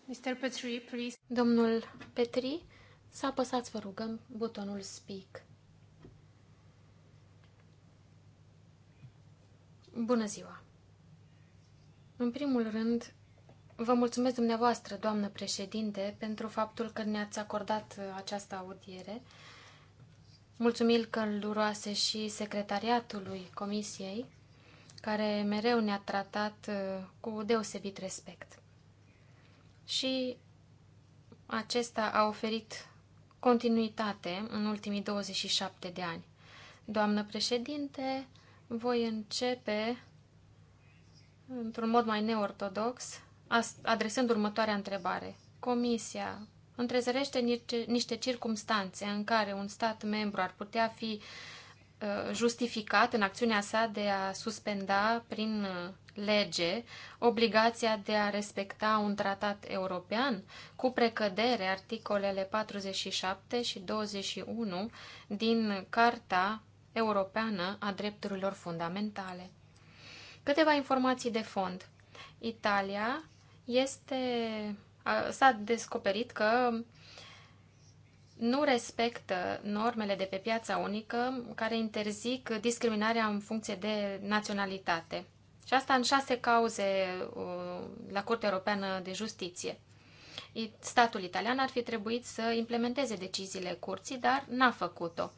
Mr. Petri, please. Domnul Petri, să apăsați, vă rugăm, butonul Speak. Bună ziua! În primul rând, vă mulțumesc dumneavoastră, doamnă președinte, pentru faptul că ne-ați acordat uh, această audiere. Mulțumiri călduroase și secretariatului Comisiei, care mereu ne-a tratat uh, cu deosebit respect. Și acesta a oferit continuitate în ultimii 27 de ani. Doamnă președinte, voi începe într-un mod mai neortodox, adresând următoarea întrebare. Comisia întrezărește niște, niște circumstanțe în care un stat membru ar putea fi uh, justificat în acțiunea sa de a suspenda prin uh, lege obligația de a respecta un tratat european cu precădere articolele 47 și 21 din Carta Europeană a Drepturilor Fundamentale. Câteva informații de fond. Italia este s-a descoperit că nu respectă normele de pe piața unică care interzic discriminarea în funcție de naționalitate. Și asta în șase cauze uh, la Curtea Europeană de Justiție. Statul italian ar fi trebuit să implementeze deciziile curții, dar n-a făcut-o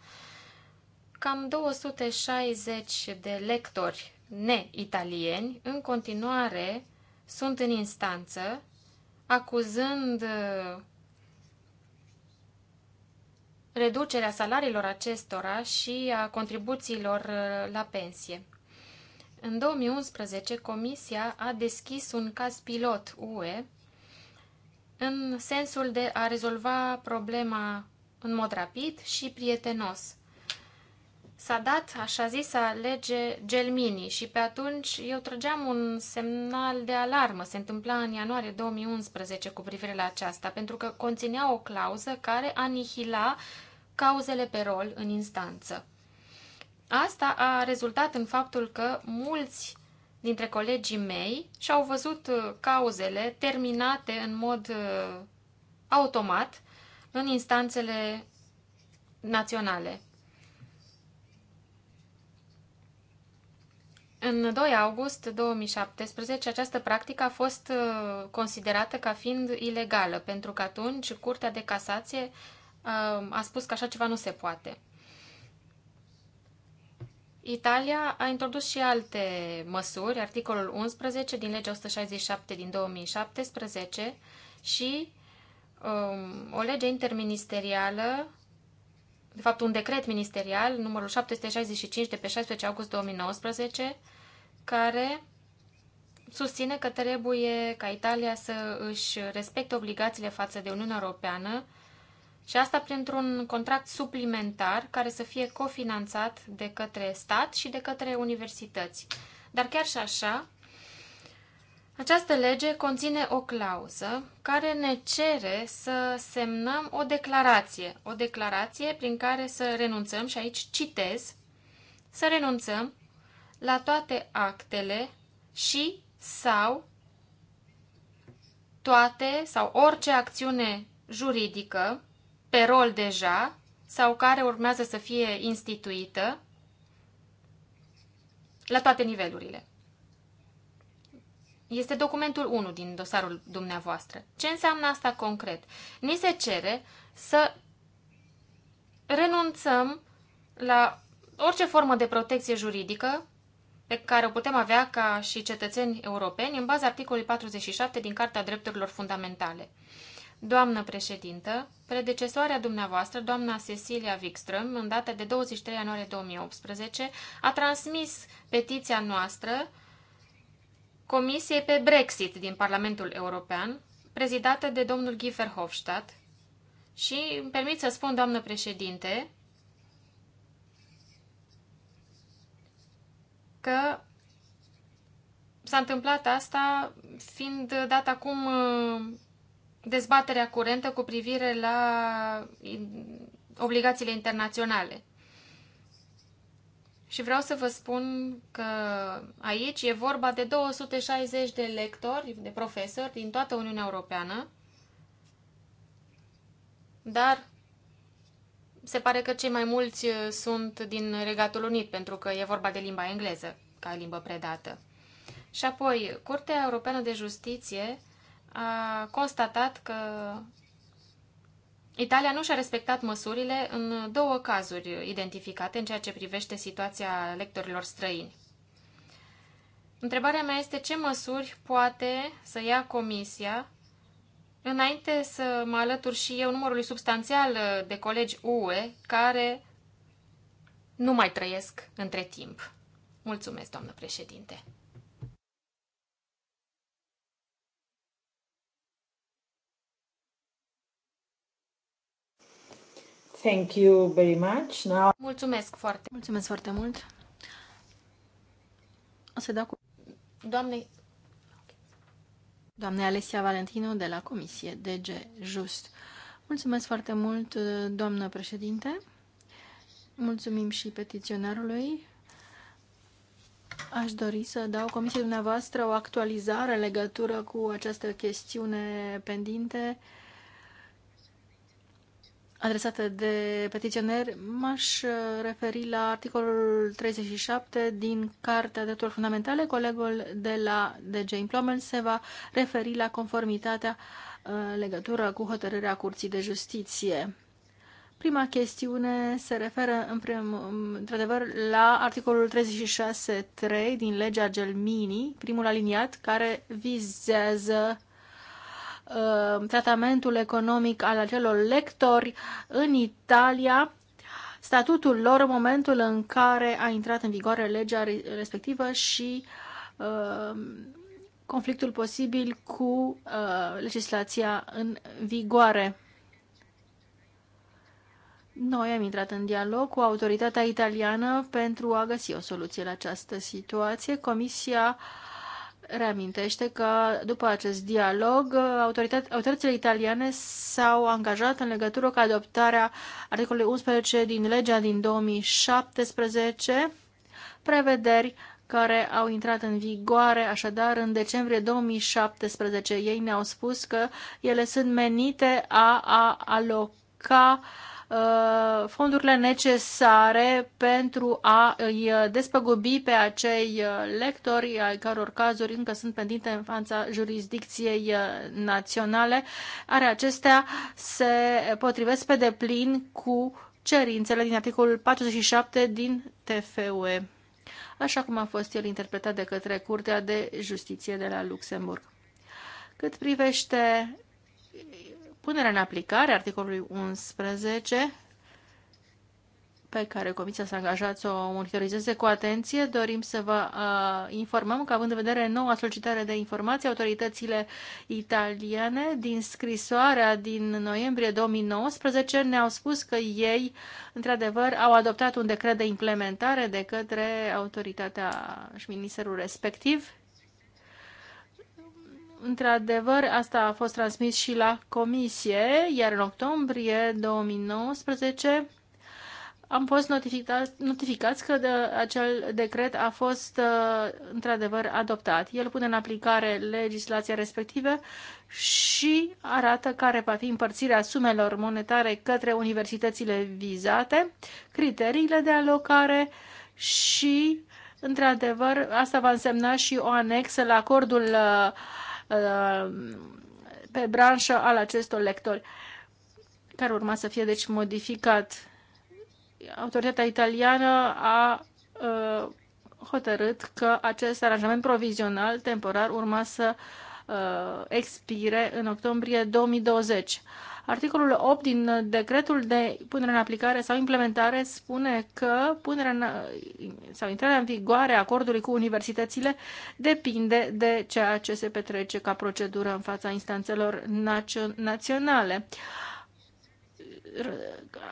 cam 260 de lectori neitalieni în continuare sunt în instanță acuzând uh, reducerea salariilor acestora și a contribuțiilor uh, la pensie. În 2011, Comisia a deschis un caz pilot UE în sensul de a rezolva problema în mod rapid și prietenos s-a dat, așa zisa, lege Gelmini și pe atunci eu trăgeam un semnal de alarmă. Se întâmpla în ianuarie 2011 cu privire la aceasta, pentru că conținea o clauză care anihila cauzele pe rol în instanță. Asta a rezultat în faptul că mulți dintre colegii mei și-au văzut uh, cauzele terminate în mod uh, automat în instanțele naționale. În 2 august 2017, această practică a fost uh, considerată ca fiind ilegală, pentru că atunci Curtea de Casație uh, a spus că așa ceva nu se poate. Italia a introdus și alte măsuri, articolul 11 din legea 167 din 2017 și um, o lege interministerială de fapt, un decret ministerial, numărul 765 de pe 16 august 2019, care susține că trebuie ca Italia să își respecte obligațiile față de Uniunea Europeană și asta printr-un contract suplimentar care să fie cofinanțat de către stat și de către universități. Dar chiar și așa, această lege conține o clauză care ne cere să semnăm o declarație, o declarație prin care să renunțăm, și aici citez, să renunțăm la toate actele și sau toate sau orice acțiune juridică pe rol deja sau care urmează să fie instituită la toate nivelurile. Este documentul 1 din dosarul dumneavoastră. Ce înseamnă asta concret? Ni se cere să renunțăm la orice formă de protecție juridică pe care o putem avea ca și cetățeni europeni în baza articolului 47 din Carta Drepturilor Fundamentale. Doamnă președintă, predecesoarea dumneavoastră, doamna Cecilia Wikström, în data de 23 ianuarie 2018, a transmis petiția noastră Comisiei pe Brexit din Parlamentul European, prezidată de domnul Guy Verhofstadt. Și îmi permit să spun, doamnă președinte, că s-a întâmplat asta fiind dat acum uh, dezbaterea curentă cu privire la obligațiile internaționale. Și vreau să vă spun că aici e vorba de 260 de lectori, de profesori din toată Uniunea Europeană, dar se pare că cei mai mulți uh, sunt din Regatul Unit, pentru că e vorba de limba engleză ca limbă predată. Și apoi, Curtea Europeană de Justiție a constatat că Italia nu și-a respectat măsurile în două cazuri identificate în ceea ce privește situația lectorilor străini. Întrebarea mea este ce măsuri poate să ia Comisia înainte să mă alătur și eu numărului substanțial de colegi UE care nu mai trăiesc între timp. Mulțumesc, doamnă președinte. Thank you very much. Now... Mulțumesc foarte Mulțumesc foarte mult. O să dau cu... Doamnei... Doamne Alessia Valentino de la Comisie DG Just. Mulțumesc foarte mult, doamnă președinte. Mulțumim și petiționarului. Aș dori să dau comisiei dumneavoastră o actualizare în legătură cu această chestiune pendinte adresate de petiționeri, m-aș uh, referi la articolul 37 din Cartea Drepturilor Fundamentale. Colegul de la DG Implomen se va referi la conformitatea în uh, legătură cu hotărârea Curții de Justiție. Prima chestiune se referă, în prim, într-adevăr, la articolul 36.3 din legea Gelmini, primul aliniat, care vizează Uh, tratamentul economic al acelor lectori în Italia, statutul lor în momentul în care a intrat în vigoare legea respectivă și uh, conflictul posibil cu uh, legislația în vigoare. Noi am intrat în dialog cu autoritatea italiană pentru a găsi o soluție la această situație. Comisia uh, reamintește că după acest dialog autoritățile italiane s-au angajat în legătură cu adoptarea articolului 11 din legea din 2017, prevederi care au intrat în vigoare așadar în decembrie 2017. Ei ne-au spus că ele sunt menite a, a aloca Uh, fondurile necesare pentru a îi despăgubi pe acei uh, lectori, ai căror cazuri încă sunt pendinte în fața jurisdicției uh, naționale, are acestea se potrivesc pe deplin cu cerințele din articolul 47 din TFUE, așa cum a fost el interpretat de către Curtea de Justiție de la Luxemburg. Cât privește punerea în aplicare articolului 11 pe care Comisia s-a angajat să o monitorizeze cu atenție. Dorim să vă uh, informăm că, având în vedere noua solicitare de informații, autoritățile italiene din scrisoarea din noiembrie 2019 ne-au spus că ei, într-adevăr, au adoptat un decret de implementare de către autoritatea și ministerul respectiv Într-adevăr, asta a fost transmis și la comisie, iar în octombrie 2019 am fost notificați, notificați că de, acel decret a fost uh, într-adevăr adoptat. El pune în aplicare legislația respective și arată care va fi împărțirea sumelor monetare către universitățile vizate, criteriile de alocare și, într-adevăr, asta va însemna și o anexă la acordul uh, Uh, pe branșă al acestor lectori, care urma să fie deci modificat. Autoritatea italiană a uh, hotărât că acest aranjament provizional temporar urma să uh, expire în octombrie 2020. Articolul 8 din decretul de punere în aplicare sau implementare spune că punerea în, sau intrarea în vigoare a acordului cu universitățile depinde de ceea ce se petrece ca procedură în fața instanțelor naționale.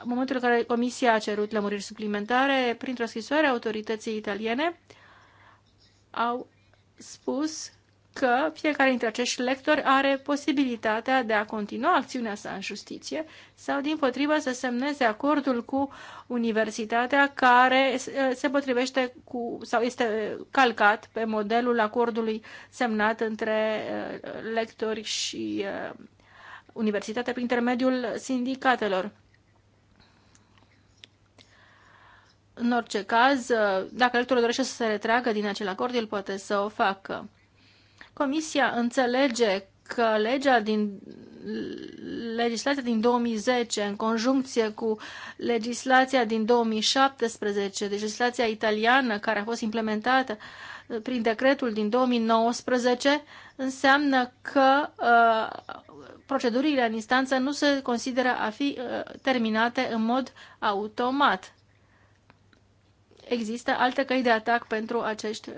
În momentul în care Comisia a cerut lămuriri suplimentare, printr-o scrisoare autorității italiene, au spus că fiecare dintre acești lectori are posibilitatea de a continua acțiunea sa în justiție sau, din potrivă, să semneze acordul cu universitatea care eh, se potrivește cu sau este calcat pe modelul acordului semnat între eh, lectori și eh, universitatea prin intermediul sindicatelor. În orice caz, dacă lectorul dorește să se retragă din acel acord, el poate să o facă. Comisia înțelege că legea din legislația din 2010 în conjuncție cu legislația din 2017, deci legislația italiană care a fost implementată uh, prin decretul din 2019, înseamnă că uh, procedurile în instanță nu se consideră a fi uh, terminate în mod automat. Există alte căi de atac pentru acești uh,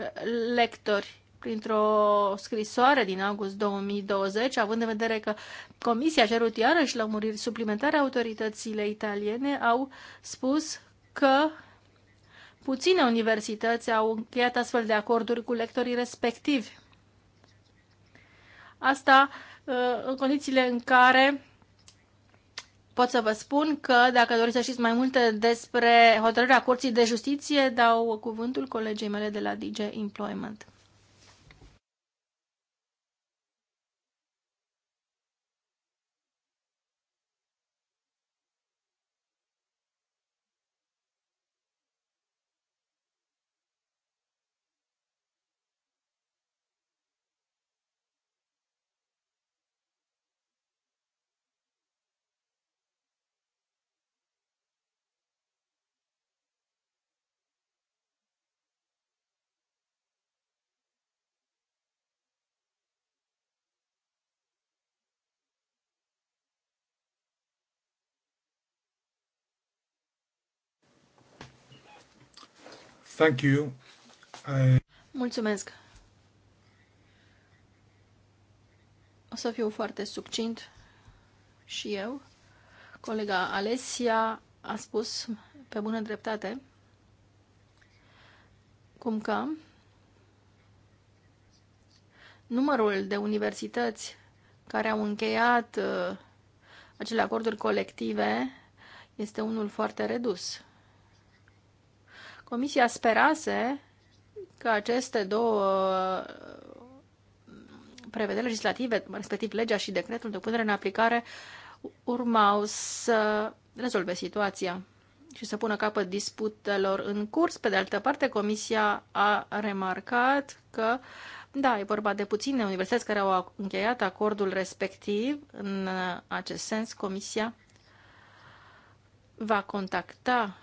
lectori printr-o scrisoare din august 2020, având în vedere că Comisia a cerut iarăși lămuriri suplimentare, autoritățile italiene au spus că puține universități au încheiat astfel de acorduri cu lectorii respectivi. Asta ă, în condițiile în care pot să vă spun că dacă doriți să știți mai multe despre hotărârea Curții de Justiție, dau cuvântul colegii mele de la DJ Employment. Thank you. I... Mulțumesc. O să fiu foarte succint și eu. Colega Alessia a spus pe bună dreptate cum că numărul de universități care au încheiat uh, acele acorduri colective este unul foarte redus. Comisia sperase că aceste două uh, prevederi legislative, respectiv legea și decretul de punere în aplicare, urmau să rezolve situația și să pună capăt disputelor în curs. Pe de altă parte, Comisia a remarcat că, da, e vorba de puține universități care au încheiat acordul respectiv. În acest sens, Comisia va contacta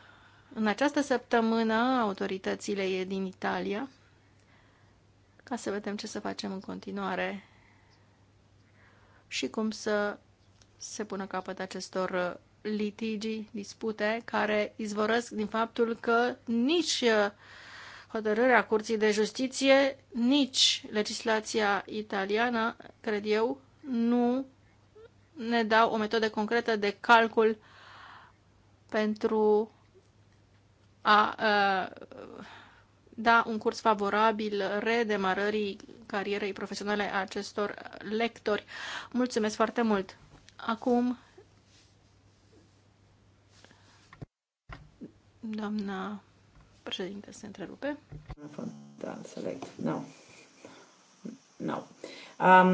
în această săptămână autoritățile din Italia ca să vedem ce să facem în continuare și cum să se pună capăt acestor uh, litigi, dispute, care izvorăsc din faptul că nici uh, hotărârea Curții de Justiție, nici legislația italiană, cred eu, nu ne dau o metodă concretă de calcul pentru a da un curs favorabil redemarării carierei profesionale a acestor lectori. Mulțumesc foarte mult! Acum, doamna președinte se întrerupe. Da, înțeleg. No. No. Um,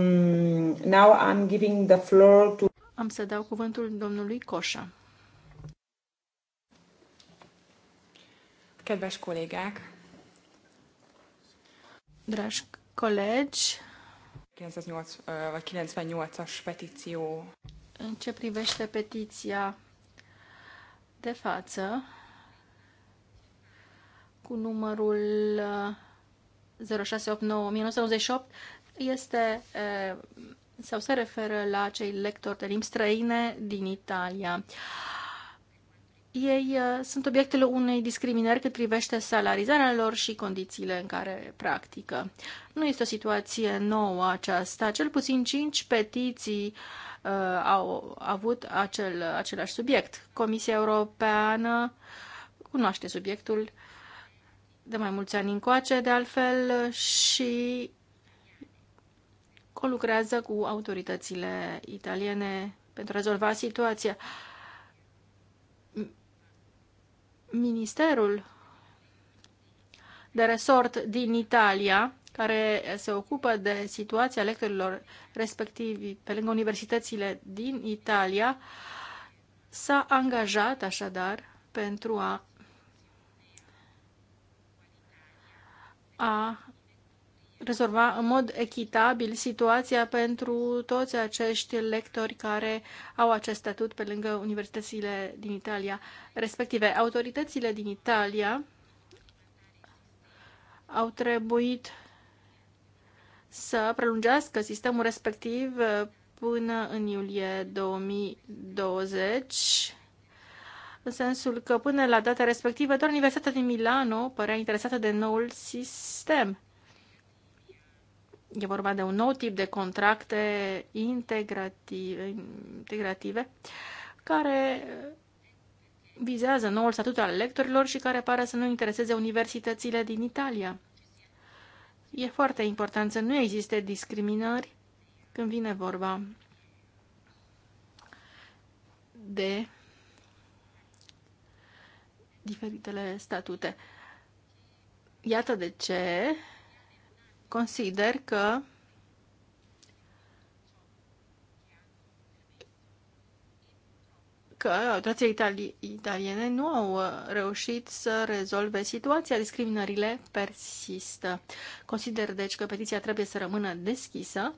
now I'm giving the floor to... Am să dau cuvântul domnului Coșa. Kedves kollégák! Drás colegi! 908, vagy 98-as petíció. ce privește petiția de față, cu numărul 0689-1998, este sau se referă la cei lectori de limbi străine din Italia ei uh, sunt obiectele unei discriminări cât privește salarizarea lor și condițiile în care practică. Nu este o situație nouă aceasta, cel puțin cinci petiții uh, au avut acel, același subiect. Comisia Europeană cunoaște subiectul de mai mulți ani încoace, de altfel, și colucrează cu autoritățile italiene pentru a rezolva situația. Uh, ministerul de resort din Italia, care se ocupă de situația lectorilor respectivi pe lângă universitățile din Italia, s-a angajat așadar pentru a, a rezolva în mod echitabil situația pentru toți acești lectori care au acest statut pe lângă universitățile din Italia. Respective, autoritățile din Italia au trebuit să prelungească sistemul respectiv uh, până în iulie 2020 în sensul că până la data respectivă doar Universitatea din Milano părea interesată de noul sistem. E vorba de un nou tip de contracte integrative, integrative care vizează noul statut al lectorilor și care pare să nu intereseze universitățile din Italia. E foarte important să nu existe discriminări când vine vorba de diferitele statute. Iată de ce Consider că că autoritățile itali italiene nu au uh, reușit să rezolve situația. Discriminările persistă. Consider, deci, că petiția trebuie să rămână deschisă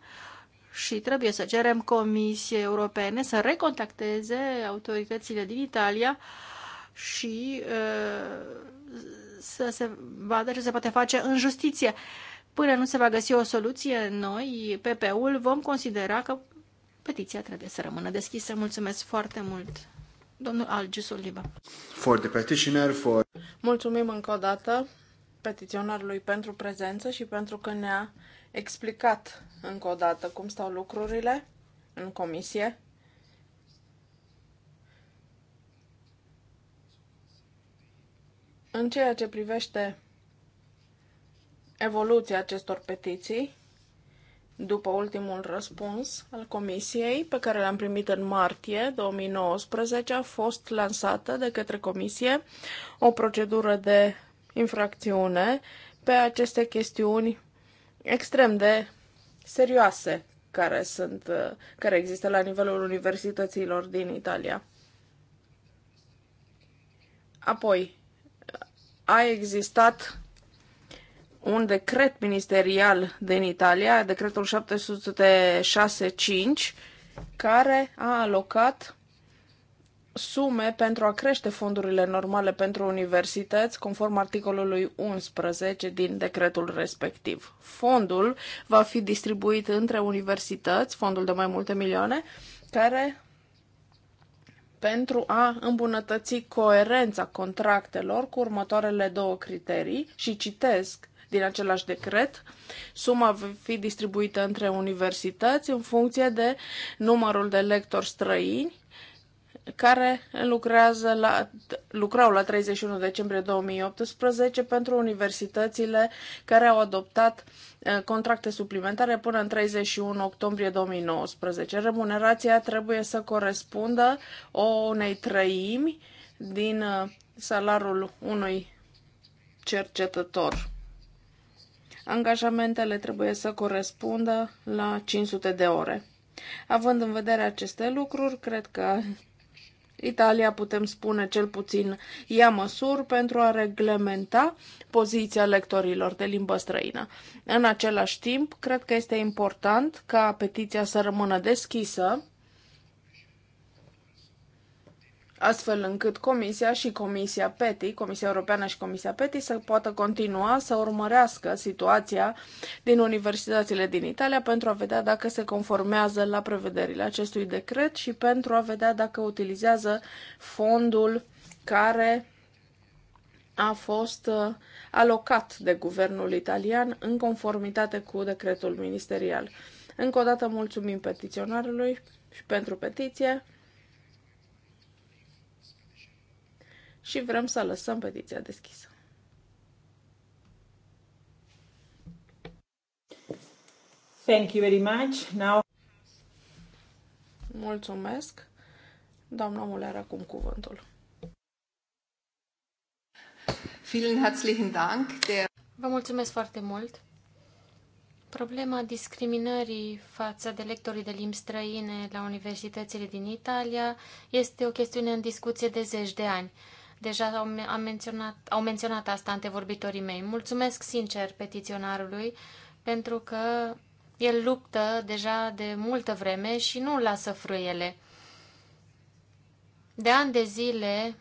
și trebuie să cerem Comisiei Europene să recontacteze autoritățile din Italia și uh, să se vadă ce se poate face în justiție. Uh, Până nu se va găsi o soluție, noi, PP-ul, vom considera că petiția trebuie să rămână deschisă. Mulțumesc foarte mult, domnul Algis Oliva. For the petitioner, for... Mulțumim încă o dată petiționarului pentru prezență și pentru că ne-a explicat încă o dată cum stau lucrurile în comisie. În ceea ce privește evoluția acestor petiții după ultimul răspuns al Comisiei, pe care l-am primit în martie 2019, a fost lansată de către Comisie o procedură de infracțiune pe aceste chestiuni extrem de serioase care, sunt, care există la nivelul universităților din Italia. Apoi, a existat un decret ministerial din Italia, decretul 765, care a alocat sume pentru a crește fondurile normale pentru universități, conform articolului 11 din decretul respectiv. Fondul va fi distribuit între universități, fondul de mai multe milioane, care pentru a îmbunătăți coerența contractelor cu următoarele două criterii și citesc din același decret. Suma va fi distribuită între universități în funcție de numărul de lectori străini care lucrează la, lucrau la 31 decembrie 2018 pentru universitățile care au adoptat uh, contracte suplimentare până în 31 octombrie 2019. Remunerația trebuie să corespundă o unei trăimi din uh, salariul unui cercetător. Angajamentele trebuie să corespundă la 500 de ore. Având în vedere aceste lucruri, cred că Italia, putem spune cel puțin, ia măsuri pentru a reglementa poziția lectorilor de limbă străină. În același timp, cred că este important ca petiția să rămână deschisă astfel încât Comisia și Comisia PETI, Comisia Europeană și Comisia PETI, să poată continua să urmărească situația din universitățile din Italia pentru a vedea dacă se conformează la prevederile acestui decret și pentru a vedea dacă utilizează fondul care a fost uh, alocat de guvernul italian în conformitate cu decretul ministerial. Încă o dată mulțumim petiționarului și pentru petiție și vrem să lăsăm petiția deschisă. Thank you very much. Now... Mulțumesc. Doamna Muller, acum cuvântul. Vielen herzlichen Dank. Vă mulțumesc foarte mult. Problema discriminării față de lectorii de limbi străine la universitățile din Italia este o chestiune în discuție de zeci de ani. Deja au, am menționat, au menționat asta antevorbitorii mei. Mulțumesc sincer petiționarului pentru că el luptă deja de multă vreme și nu lasă frâiele. De ani de zile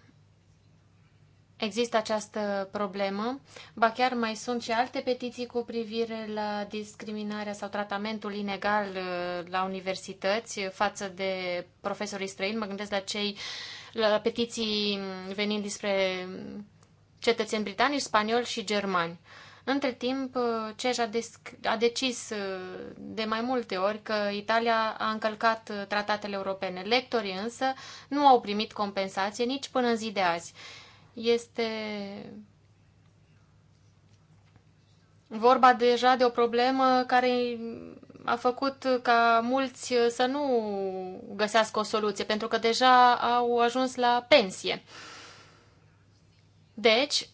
există această problemă, ba chiar mai sunt și alte petiții cu privire la discriminarea sau tratamentul inegal uh, la universități față de profesorii străini. Mă gândesc la cei uh, la petiții venind despre cetățeni britanici, spanioli și germani. Între timp, CEJ a, a decis uh, de mai multe ori că Italia a încălcat uh, tratatele europene. Lectorii însă nu au primit compensație nici până în zi de azi. Este vorba deja de o problemă care a făcut ca mulți uh, să nu găsească o soluție, pentru că deja au ajuns la pensie. Deci,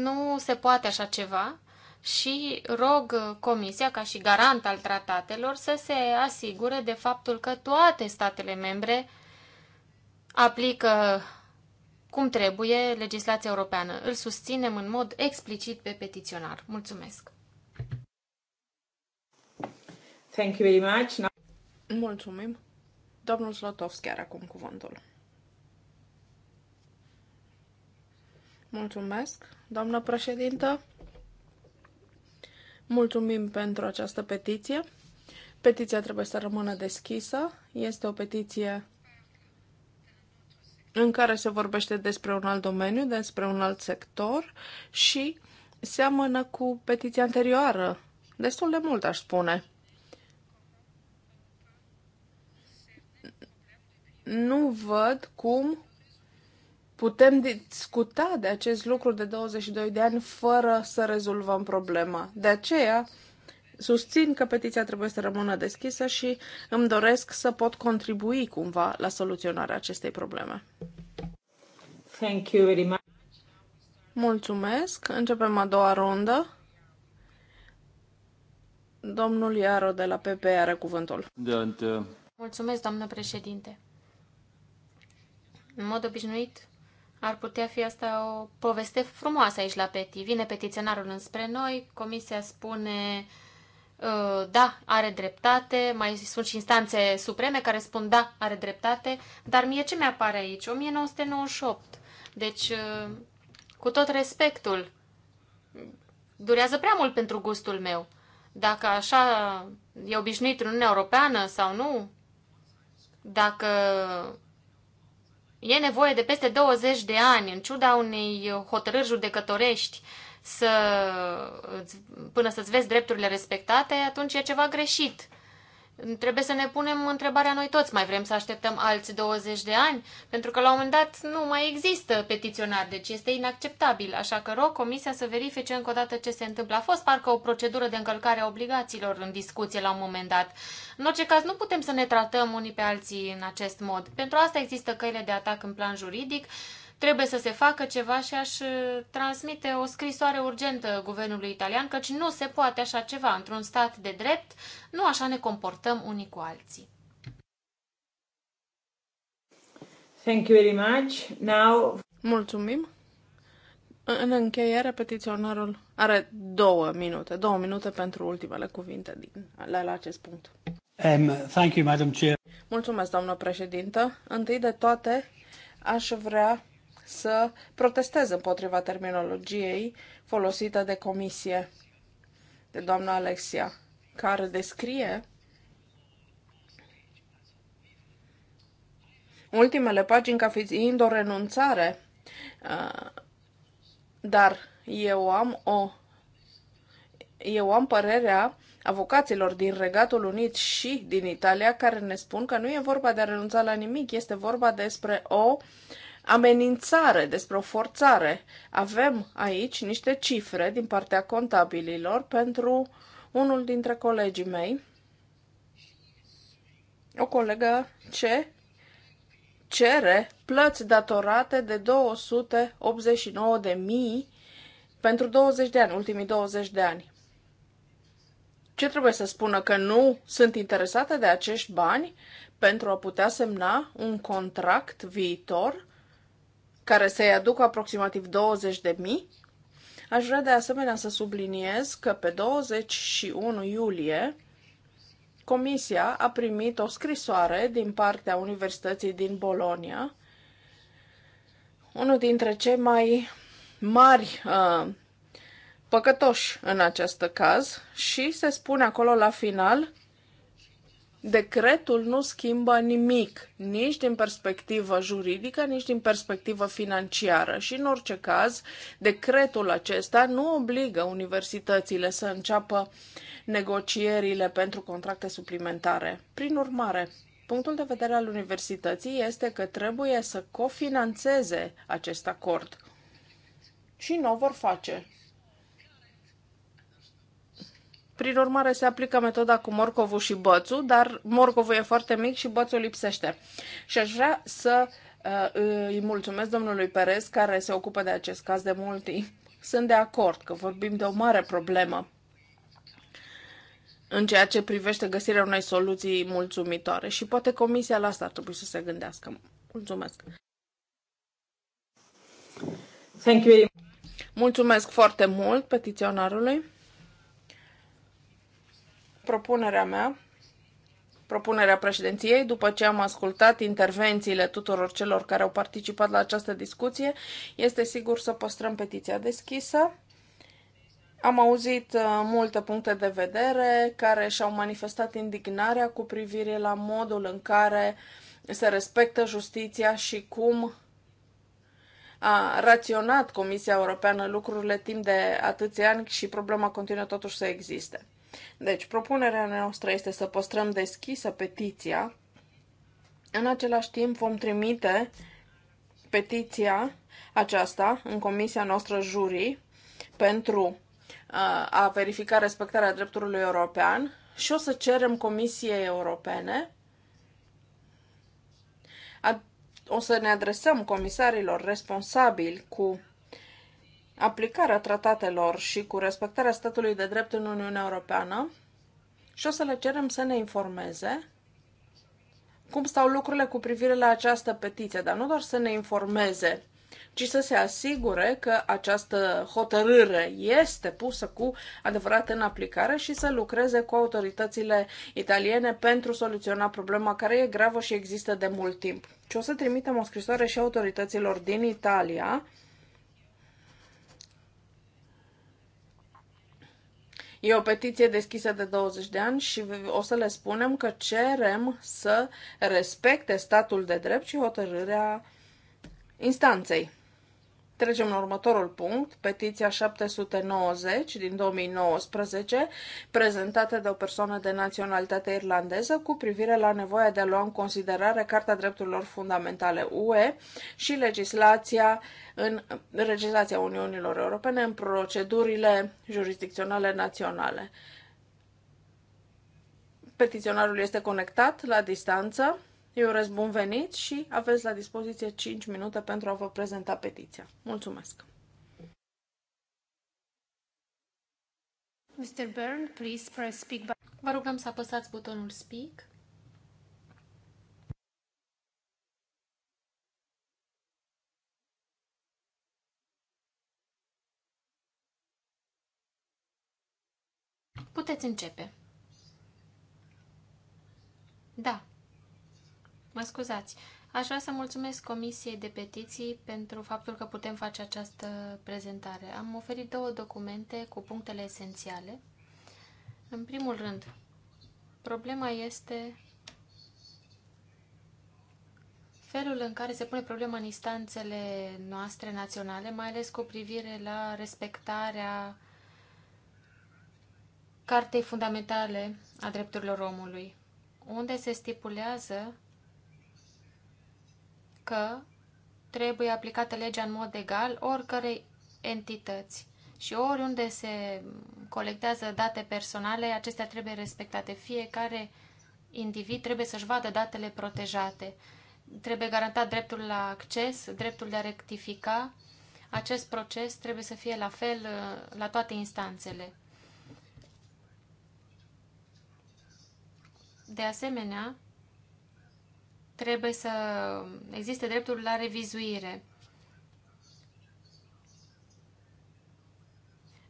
nu se poate așa ceva și rog Comisia, ca și garant al tratatelor, să se asigure de faptul că toate statele membre aplică cum trebuie legislația europeană. Îl susținem în mod explicit pe petiționar. Mulțumesc! Thank you very much. Now... Mulțumim. Domnul Zlotovski are acum cuvântul. Mulțumesc, doamnă președintă. Mulțumim pentru această petiție. Petiția trebuie să rămână deschisă. Este o petiție în care se vorbește despre un alt domeniu, despre un alt sector și seamănă cu petiția anterioară. Destul de mult, aș spune. nu văd cum putem discuta de acest lucru de 22 de ani fără să rezolvăm problema. De aceea, susțin că petiția trebuie să rămână deschisă și îmi doresc să pot contribui cumva la soluționarea acestei probleme. Thank you very much. Mulțumesc. Începem a doua rundă. Domnul Iaro de la PP are cuvântul. Mulțumesc, doamnă președinte. În mod obișnuit, ar putea fi asta o poveste frumoasă aici la Peti. Vine petiționarul înspre noi, comisia spune uh, da, are dreptate, mai sunt și instanțe supreme care spun da, are dreptate, dar mie ce mi-apare aici? 1998. Deci, uh, cu tot respectul, durează prea mult pentru gustul meu. Dacă așa e obișnuit în Uniunea Europeană sau nu, dacă e nevoie de peste 20 de ani, în ciuda unei uh, hotărâri judecătorești, să, până să-ți vezi drepturile respectate, atunci e ceva greșit. Trebuie să ne punem întrebarea noi toți, mai vrem să așteptăm alți 20 de ani? Pentru că la un moment dat nu mai există petiționar, deci este inacceptabil. Așa că rog Comisia să verifice încă o dată ce se întâmplă. A fost parcă o procedură de încălcare a obligațiilor în discuție la un moment dat. În orice caz, nu putem să ne tratăm unii pe alții în acest mod. Pentru asta există căile de atac în plan juridic trebuie să se facă ceva și aș uh, transmite o scrisoare urgentă guvernului italian, căci nu se poate așa ceva. Într-un stat de drept, nu așa ne comportăm unii cu alții. Thank you very much. Now... Mulțumim. În încheiere, petiționarul are două minute, două minute pentru ultimele cuvinte din, la, la acest punct. Um, thank you, Madam Chair. Mulțumesc, doamnă președintă. Întâi de toate, aș vrea să protestez împotriva terminologiei folosită de comisie de doamna Alexia, care descrie ultimele pagini ca fiind o renunțare, uh, dar eu am o eu am părerea avocaților din Regatul Unit și din Italia care ne spun că nu e vorba de a renunța la nimic, este vorba despre o uh, amenințare, despre o forțare. Avem aici niște cifre din partea contabililor pentru unul dintre colegii mei, o colegă ce cere plăți datorate de 289 de mii pentru 20 de ani, ultimii 20 de ani. Ce trebuie să spună că nu sunt interesată de acești bani pentru a putea semna un contract viitor care să-i aducă aproximativ 20 de mii. Aș vrea de asemenea să subliniez că pe 21 iulie Comisia a primit o scrisoare din partea Universității din Bolonia, unul dintre cei mai mari uh, păcătoși în acest caz și se spune acolo la final Decretul nu schimbă nimic, nici din perspectivă juridică, nici din perspectivă financiară și, în orice caz, decretul acesta nu obligă universitățile să înceapă negocierile pentru contracte suplimentare. Prin urmare, punctul de vedere al universității este că trebuie să cofinanțeze acest acord. Și nu o vor face. Prin urmare, se aplică metoda cu morcovul și bățul, dar morcovul e foarte mic și bățul lipsește. Și aș vrea să uh, îi mulțumesc domnului Perez, care se ocupă de acest caz de mult timp. Sunt de acord că vorbim de o mare problemă în ceea ce privește găsirea unei soluții mulțumitoare și poate comisia la asta ar trebui să se gândească. Mulțumesc! Thank you. Mulțumesc foarte mult petiționarului propunerea mea, propunerea președinției, după ce am ascultat intervențiile tuturor celor care au participat la această discuție, este sigur să păstrăm petiția deschisă. Am auzit uh, multe puncte de vedere care și-au manifestat indignarea cu privire la modul în care se respectă justiția și cum a raționat Comisia Europeană lucrurile timp de atâția ani și problema continuă totuși să existe. Deci, propunerea noastră este să păstrăm deschisă petiția. În același timp, vom trimite petiția aceasta în comisia noastră jurii pentru uh, a verifica respectarea drepturilor european și o să cerem Comisiei Europene, o să ne adresăm comisarilor responsabili cu aplicarea tratatelor și cu respectarea statului de drept în Uniunea Europeană și o să le cerem să ne informeze cum stau lucrurile cu privire la această petiție, dar nu doar să ne informeze, ci să se asigure că această hotărâre este pusă cu adevărat în aplicare și să lucreze cu autoritățile italiene pentru soluționa problema care e gravă și există de mult timp. Și o să trimitem o scrisoare și autorităților din Italia E o petiție deschisă de 20 de ani și o să le spunem că cerem să respecte statul de drept și hotărârea instanței. Trecem la următorul punct, petiția 790 din 2019, prezentată de o persoană de naționalitate irlandeză cu privire la nevoia de a lua în considerare Carta Drepturilor Fundamentale UE și legislația în legislația Uniunilor Europene în procedurile jurisdicționale naționale. Petiționarul este conectat la distanță eu urez bun venit și aveți la dispoziție 5 minute pentru a vă prezenta petiția. Mulțumesc! Mr. Byrne, please press speak button. Vă rugăm să apăsați butonul speak. Puteți începe. Da, Mă scuzați. Aș vrea să mulțumesc Comisiei de Petiții pentru faptul că putem face această prezentare. Am oferit două documente cu punctele esențiale. În primul rând, problema este felul în care se pune problema în instanțele noastre naționale, mai ales cu privire la respectarea Cartei Fundamentale a Drepturilor Omului, unde se stipulează că trebuie aplicată legea în mod egal oricărei entități. Și oriunde se colectează date personale, acestea trebuie respectate. Fiecare individ trebuie să-și vadă datele protejate. Trebuie garantat dreptul la acces, dreptul de a rectifica. Acest proces trebuie să fie la fel la toate instanțele. De asemenea, trebuie să existe dreptul la revizuire.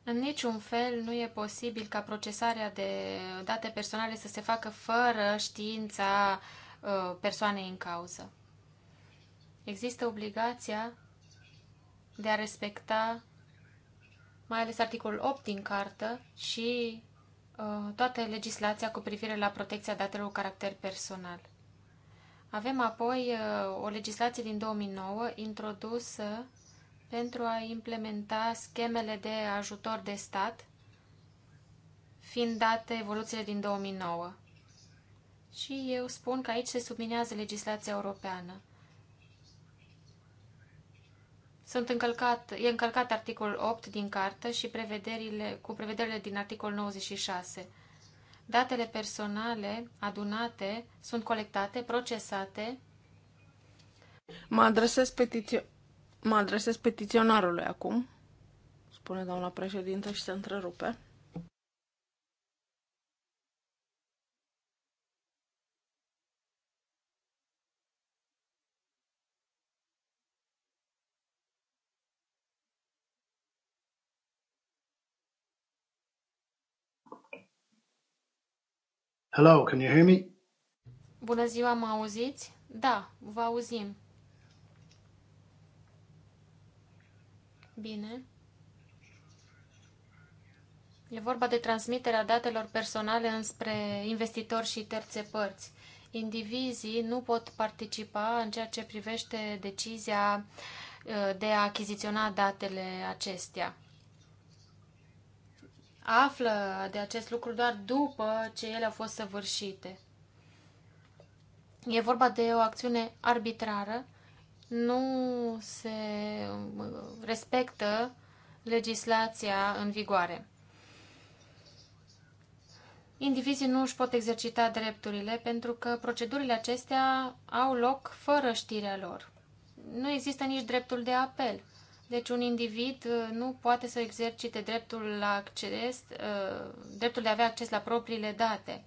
În niciun fel nu e posibil ca procesarea de date personale să se facă fără știința uh, persoanei în cauză. Există obligația de a respecta mai ales articolul 8 din cartă și uh, toată legislația cu privire la protecția datelor cu caracter personal. Avem apoi uh, o legislație din 2009 introdusă pentru a implementa schemele de ajutor de stat, fiind date evoluțiile din 2009. Și eu spun că aici se subminează legislația europeană. Sunt încălcat, e încălcat articolul 8 din cartă și prevederile, cu prevederile din articolul 96. Datele personale adunate sunt colectate, procesate. Mă adresez, petițio- mă adresez petiționarului acum, spune doamna președintă și se întrerupe. Hello, can you hear me? Bună ziua, mă auziți? Da, vă auzim. Bine. E vorba de transmiterea datelor personale înspre investitori și terțe părți. Indivizii nu pot participa în ceea ce privește decizia uh, de a achiziționa datele acestea află de acest lucru doar după ce ele au fost săvârșite. E vorba de o acțiune arbitrară, nu se uh, respectă legislația în vigoare. Indivizii nu își pot exercita drepturile pentru că procedurile acestea au loc fără știrea lor. Nu există nici dreptul de apel. Deci un individ uh, nu poate să exercite dreptul, la acces, uh, dreptul de a avea acces la propriile date.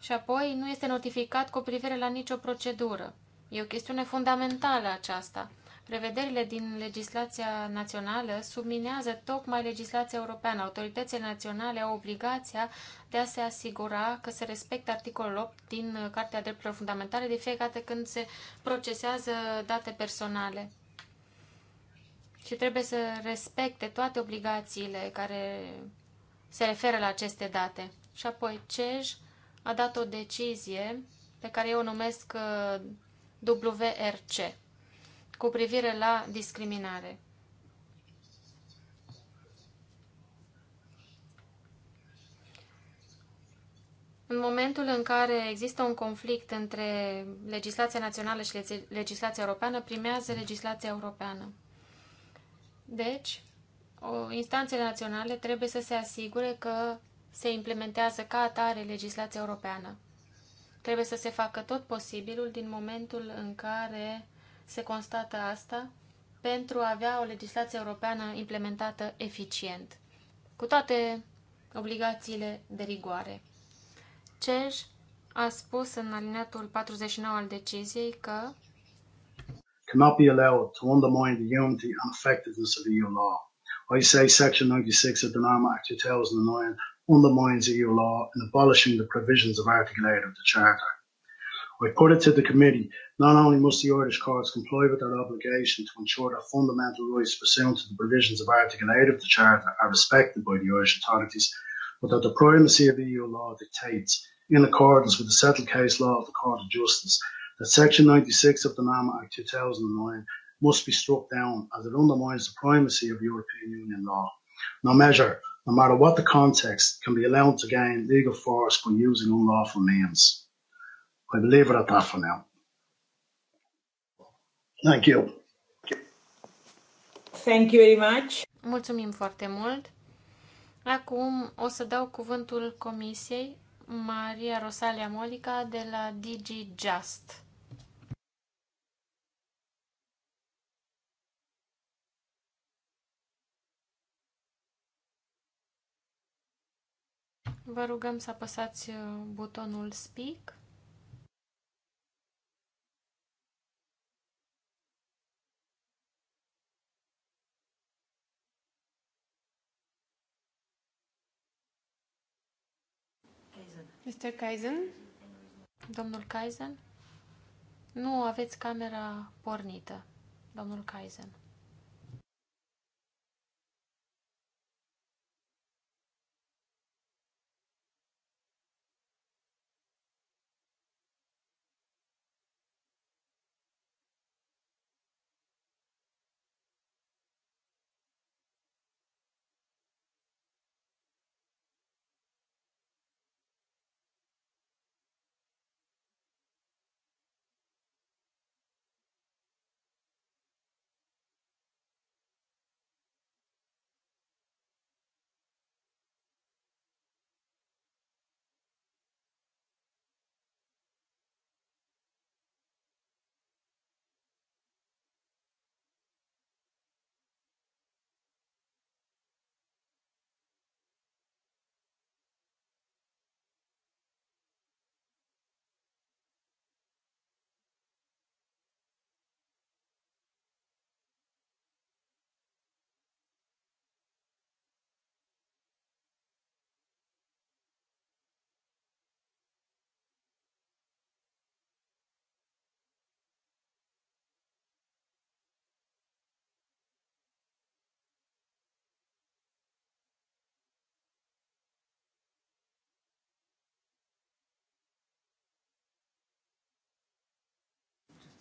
Și apoi nu este notificat cu privire la nicio procedură. E o chestiune fundamentală aceasta. Prevederile din legislația națională subminează tocmai legislația europeană. Autoritățile naționale au obligația de a se asigura că se respectă articolul 8 din Cartea Drepturilor Fundamentale de fiecare dată când se procesează date personale. Și trebuie să respecte toate obligațiile care se referă la aceste date. Și apoi CEJ a dat o decizie pe care eu o numesc uh, WRC cu privire la discriminare. În momentul în care există un conflict între legislația națională și legislația europeană, primează legislația europeană. Deci, o, instanțele naționale trebuie să se asigure că se implementează ca atare legislația europeană. Trebuie să se facă tot posibilul din momentul în care se constată asta pentru a avea o legislație europeană implementată eficient, cu toate obligațiile de rigoare. CEJ a spus în alineatul 49 al deciziei că cannot be allowed to undermine the unity and effectiveness of EU law. I say Section 96 of the NAM Act 2009 undermines EU law in abolishing the provisions of Article 8 of the Charter. I put it to the committee, not only must the Irish courts comply with their obligation to ensure that fundamental rights pursuant to the provisions of Article 8 of the Charter are respected by the Irish authorities, but that the primacy of EU law dictates, in accordance with the settled case law of the Court of Justice, that Section 96 of the NAMA Act 2009 must be struck down as it undermines the primacy of European Union law. No measure, no matter what the context, can be allowed to gain legal force by using unlawful means. I păi, leave it at that Thank you. Thank you very much. Mulțumim foarte mult. Acum o să dau cuvântul comisiei Maria Rosalia Molica de la Digi Just. Vă rugăm să apăsați uh, butonul Speak. Mr. Kaizen? Domnul Kaizen? Nu aveți camera pornită, domnul Kaizen.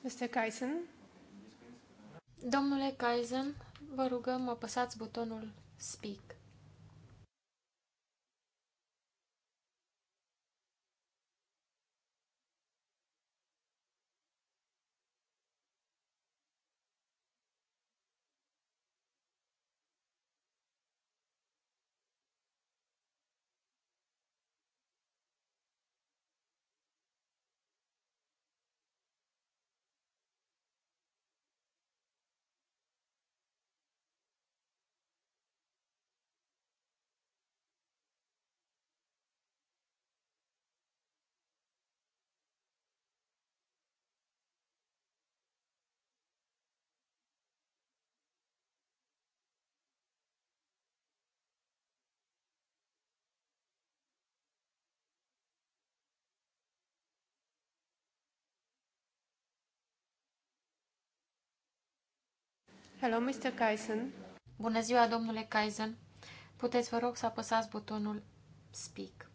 Mr. Domnule Kaizen, vă rugăm apăsați butonul Speak. Hello, Mr. Kaisen. Bună ziua, domnule Kaisen. Puteți, vă rog, să apăsați butonul Speak.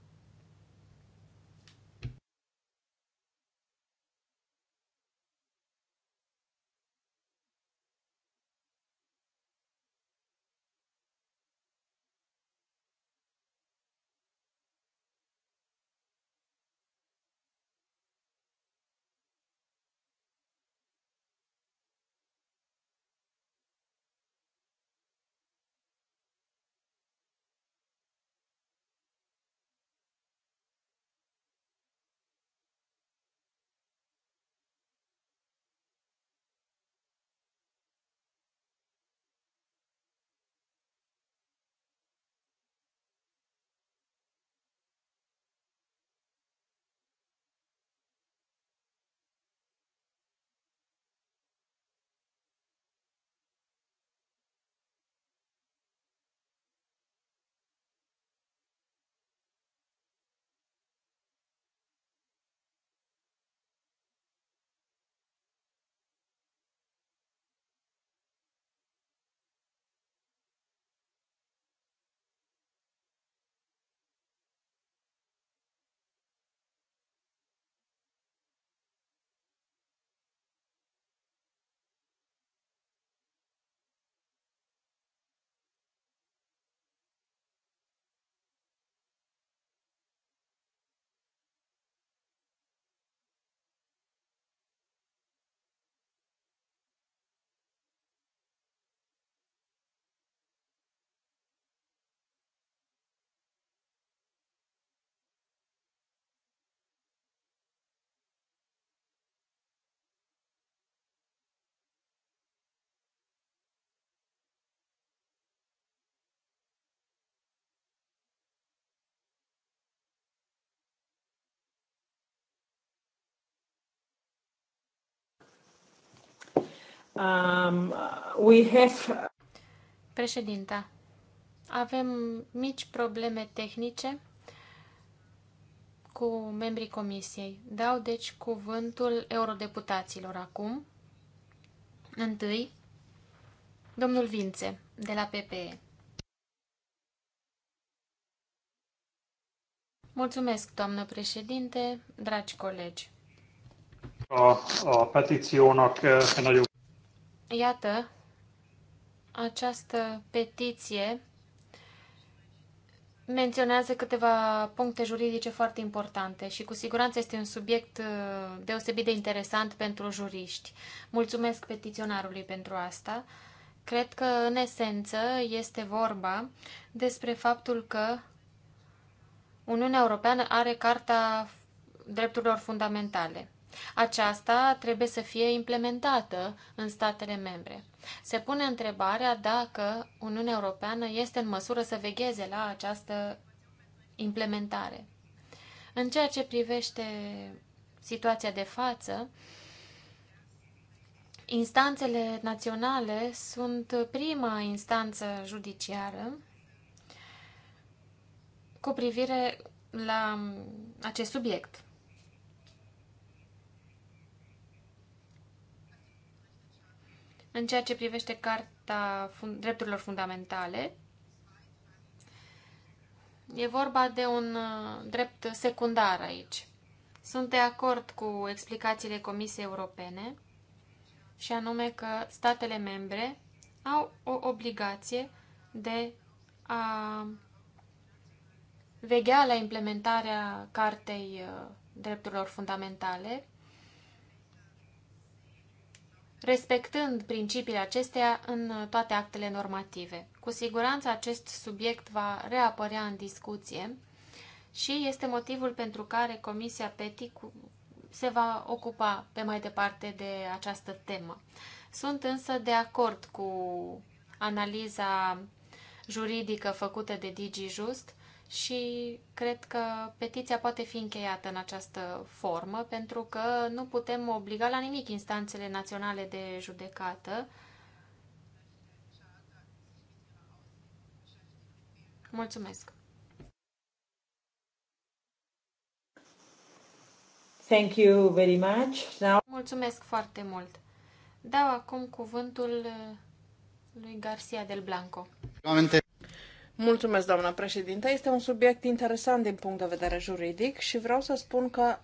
Um, we have... Președinta, avem mici probleme tehnice cu membrii comisiei. Dau deci cuvântul eurodeputaților acum. Întâi, domnul Vințe, de la PPE. Mulțumesc, doamnă președinte, dragi colegi. A, a petițiónak că... Eh, Iată, această petiție menționează câteva puncte juridice foarte importante și cu siguranță este un subiect uh, deosebit de interesant pentru juriști. Mulțumesc petiționarului pentru asta. Cred că, în esență, este vorba despre faptul că Uniunea Europeană are Carta Drepturilor Fundamentale. Aceasta trebuie să fie implementată în statele membre. Se pune întrebarea dacă Uniunea Europeană este în măsură să vegheze la această implementare. În ceea ce privește situația de față, instanțele naționale sunt prima instanță judiciară cu privire la acest subiect. în ceea ce privește Carta Drepturilor Fundamentale. E vorba de un uh, drept secundar aici. Sunt de acord cu explicațiile Comisiei Europene și anume că statele membre au o obligație de a veghea la implementarea Cartei uh, Drepturilor Fundamentale respectând principiile acestea în toate actele normative. Cu siguranță acest subiect va reapărea în discuție și este motivul pentru care Comisia PETI se va ocupa pe mai departe de această temă. Sunt însă de acord cu analiza juridică făcută de DigiJust și cred că petiția poate fi încheiată în această formă, pentru că nu putem obliga la nimic instanțele naționale de judecată. Mulțumesc! Thank you very much. Now... Mulțumesc foarte mult! Dau acum cuvântul uh, lui Garcia del Blanco. Mulțumesc, doamnă președinte. Este un subiect interesant din punct de vedere juridic și vreau să spun că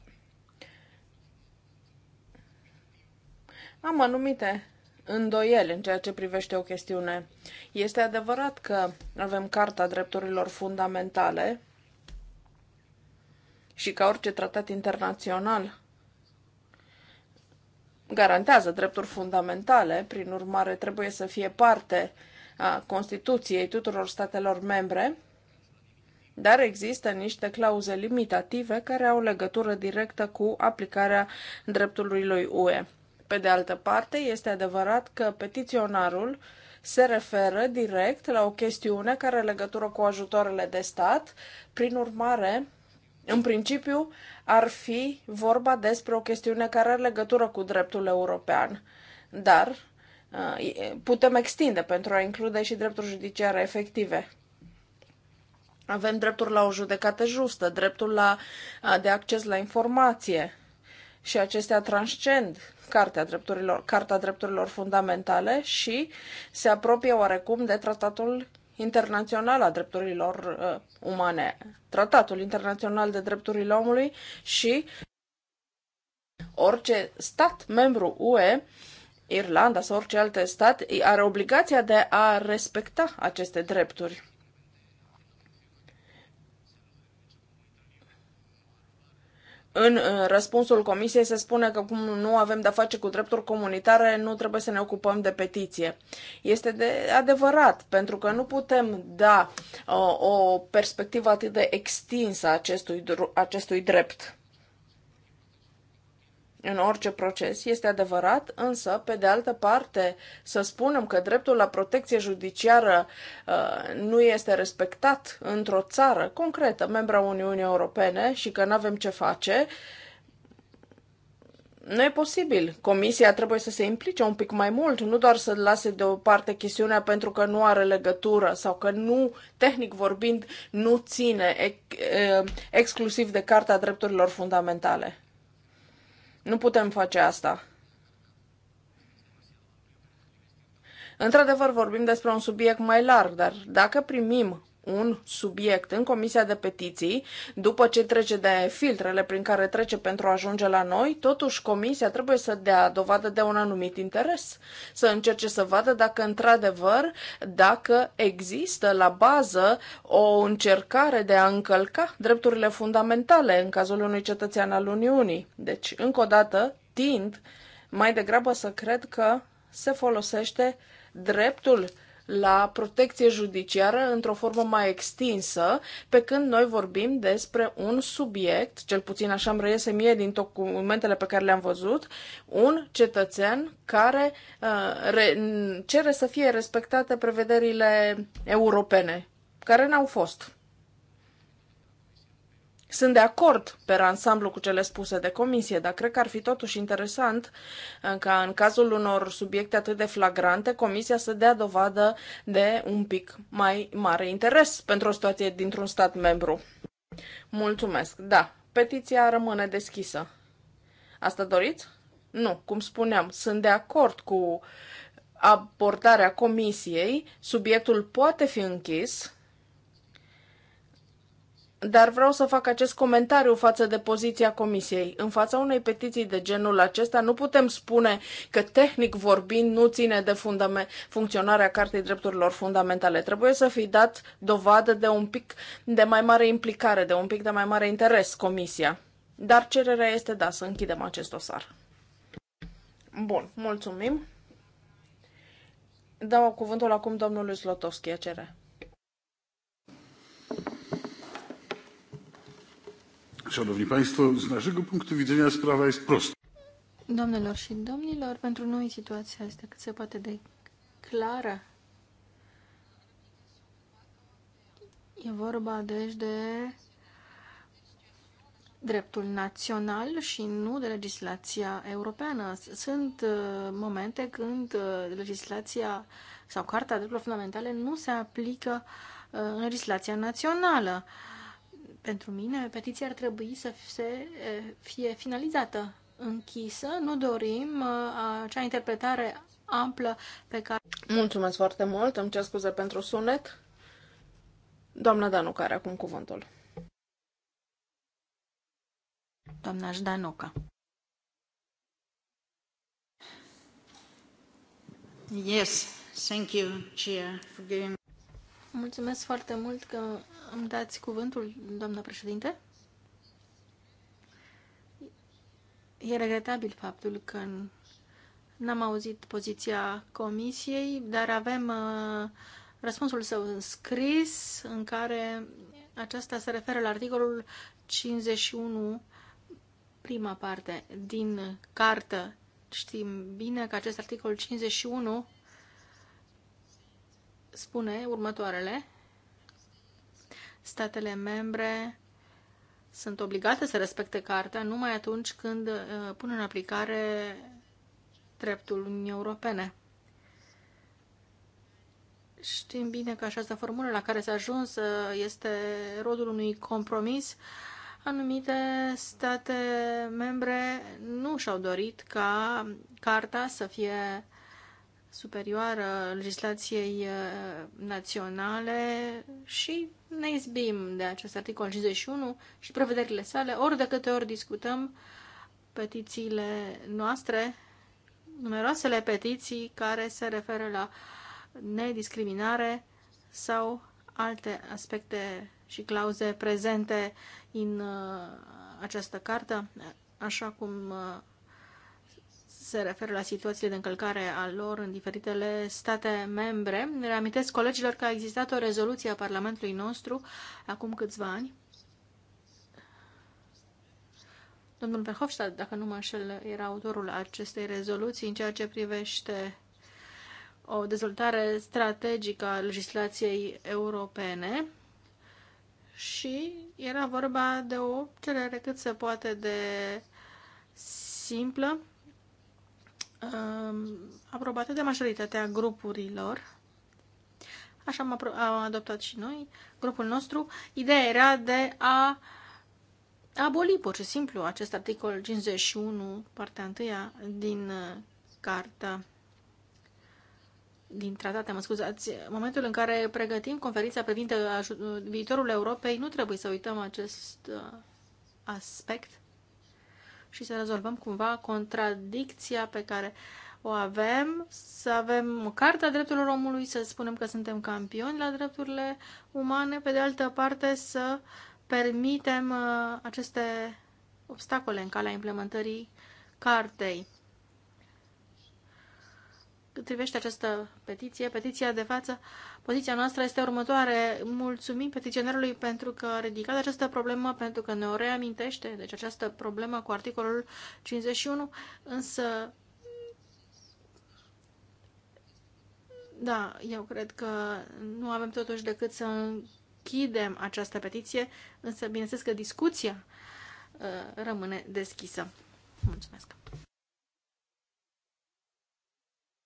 am anumite îndoieli în ceea ce privește o chestiune. Este adevărat că avem Carta Drepturilor Fundamentale și ca orice tratat internațional garantează drepturi fundamentale, prin urmare trebuie să fie parte uh, Constituției tuturor statelor membre, dar există niște clauze limitative care au legătură directă cu aplicarea dreptului lui UE. Pe de altă parte, este adevărat că petiționarul se referă direct la o chestiune care are legătură cu ajutoarele de stat, prin urmare, în principiu, ar fi vorba despre o chestiune care are legătură cu dreptul european. Dar Uh, putem extinde pentru a include și drepturi judiciare efective. Avem dreptul la o judecată justă, dreptul la, uh, de acces la informație și acestea transcend Cartea Drepturilor, Carta Drepturilor Fundamentale și se apropie oarecum de Tratatul Internațional a Drepturilor uh, Umane, Tratatul Internațional de Drepturile Omului și orice stat membru UE uh, Irlanda sau orice alt stat are obligația de a respecta aceste drepturi. În răspunsul comisiei se spune că cum nu avem de-a face cu drepturi comunitare, nu trebuie să ne ocupăm de petiție. Este de adevărat, pentru că nu putem da o, uh, o perspectivă atât de extinsă acestui, acestui drept în orice proces, este adevărat, însă, pe de altă parte, să spunem că dreptul la protecție judiciară uh, nu este respectat într-o țară concretă, membra Uniunii Europene, și că nu avem ce face, nu e posibil. Comisia trebuie să se implice un pic mai mult, nu doar să lase deoparte chestiunea pentru că nu are legătură sau că nu, tehnic vorbind, nu ține uh, exclusiv de Carta Drepturilor Fundamentale. Nu putem face asta. Într-adevăr, vorbim despre un subiect mai larg, dar dacă primim un subiect în Comisia de Petiții, după ce trece de filtrele prin care trece pentru a ajunge la noi, totuși Comisia trebuie să dea dovadă de un anumit interes, să încerce să vadă dacă într-adevăr, dacă există la bază o încercare de a încălca drepturile fundamentale în cazul unui cetățean al Uniunii. Deci, încă o dată, tind mai degrabă să cred că se folosește dreptul la protecție judiciară într-o formă mai extinsă, pe când noi vorbim despre un subiect, cel puțin așa îmi reiese mie din documentele pe care le-am văzut, un cetățean care uh, re, cere să fie respectate prevederile europene, care n-au fost sunt de acord pe ansamblu cu cele spuse de comisie, dar cred că ar fi totuși interesant uh, ca în cazul unor subiecte atât de flagrante, comisia să dea dovadă de un pic mai mare interes pentru o situație dintr-un stat membru. Mulțumesc. Da, petiția rămâne deschisă. Asta doriți? Nu, cum spuneam, sunt de acord cu abordarea comisiei, subiectul poate fi închis, dar vreau să fac acest comentariu față de poziția Comisiei. În fața unei petiții de genul acesta nu putem spune că tehnic vorbind nu ține de funcționarea Cartei Drepturilor Fundamentale. Trebuie să fi dat dovadă de un pic de mai mare implicare, de un pic de mai mare interes Comisia. Dar cererea este da, să închidem acest dosar. Bun, mulțumim. Dau cuvântul acum domnului Slotovski, a cere. Szanowni Państwo, z naszego punktu widzenia sprawa jest prosta. și domnilor, pentru noi situația este cât se poate de clară. E vorba, deci, de dreptul național și nu de legislația europeană. Sunt uh, momente când uh, legislația sau Carta Drepturilor Fundamentale nu se aplică uh, în legislația națională pentru mine, petiția ar trebui să se, fie finalizată, închisă. Nu dorim acea interpretare amplă pe care... Mulțumesc foarte mult, îmi cer scuze pentru sunet. Doamna Danuca are acum cuvântul. Doamna Jdanuca. Yes, thank you, Chair, for giving Mulțumesc foarte mult că îmi dați cuvântul, doamna președinte. E regretabil faptul că n-am auzit poziția comisiei, dar avem uh, răspunsul său scris în care aceasta se referă la articolul 51, prima parte din cartă. Știm bine că acest articol 51 spune următoarele. Statele membre sunt obligate să respecte carta numai atunci când uh, pun în aplicare dreptul Uniunii Europene. Știm bine că această formulă la care s-a ajuns uh, este rodul unui compromis. Anumite state membre nu și-au dorit ca carta să fie superioară legislației uh, naționale și ne izbim de acest articol 51 și prevederile sale, ori de câte ori discutăm petițiile noastre, numeroasele petiții care se referă la nediscriminare sau alte aspecte și clauze prezente în uh, această carte, așa cum uh, se referă la situațiile de încălcare a lor în diferitele state membre. Reamintesc colegilor că a existat o rezoluție a Parlamentului nostru acum câțiva ani. Domnul Verhofstadt, dacă nu mă înșel, era autorul acestei rezoluții în ceea ce privește o dezvoltare strategică a legislației europene și era vorba de o cerere cât se poate de simplă Um, aprobate de majoritatea grupurilor. Așa am, am adoptat și noi, grupul nostru. Ideea era de a aboli pur și simplu acest articol 51, partea 1 din uh, carta din tratate, mă scuzați, în momentul în care pregătim conferința privind uh, viitorul Europei, nu trebuie să uităm acest uh, aspect și să rezolvăm cumva contradicția pe care o avem, să avem Carta Drepturilor Omului, să spunem că suntem campioni la drepturile umane, pe de altă parte să permitem uh, aceste obstacole în calea implementării cartei privește această petiție, petiția de față, poziția noastră este următoare. Mulțumim petiționerului pentru că a ridicat această problemă, pentru că ne-o reamintește, deci această problemă cu articolul 51, însă Da, eu cred că nu avem totuși decât să închidem această petiție, însă bineînțeles că discuția uh, rămâne deschisă. Mulțumesc!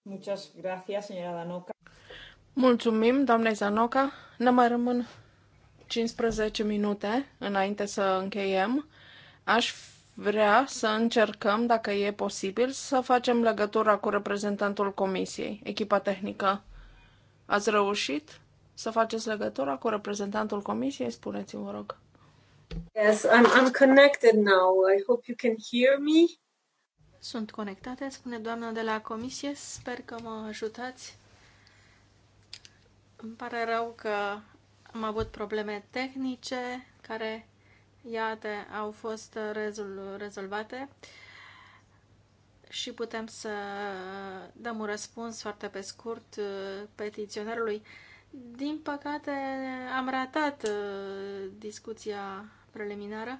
Muchas gracias, señora Danoca. Mulțumim, doamne Zanoca. Ne mai rămân 15 minute înainte să încheiem. Aș vrea să încercăm, dacă e posibil, să facem legătura cu reprezentantul comisiei, echipa tehnică. Ați reușit să faceți legătura cu reprezentantul comisiei? Spuneți-mi, vă rog. Yes, I'm, I'm connected now. I hope you can hear me. Sunt conectate, spune doamna de la comisie. Sper că mă ajutați. Îmi pare rău că am avut probleme tehnice care, iată, au fost rezol rezolvate și putem să dăm un răspuns foarte pe scurt uh, petiționerului. Din păcate, am ratat uh, discuția preliminară.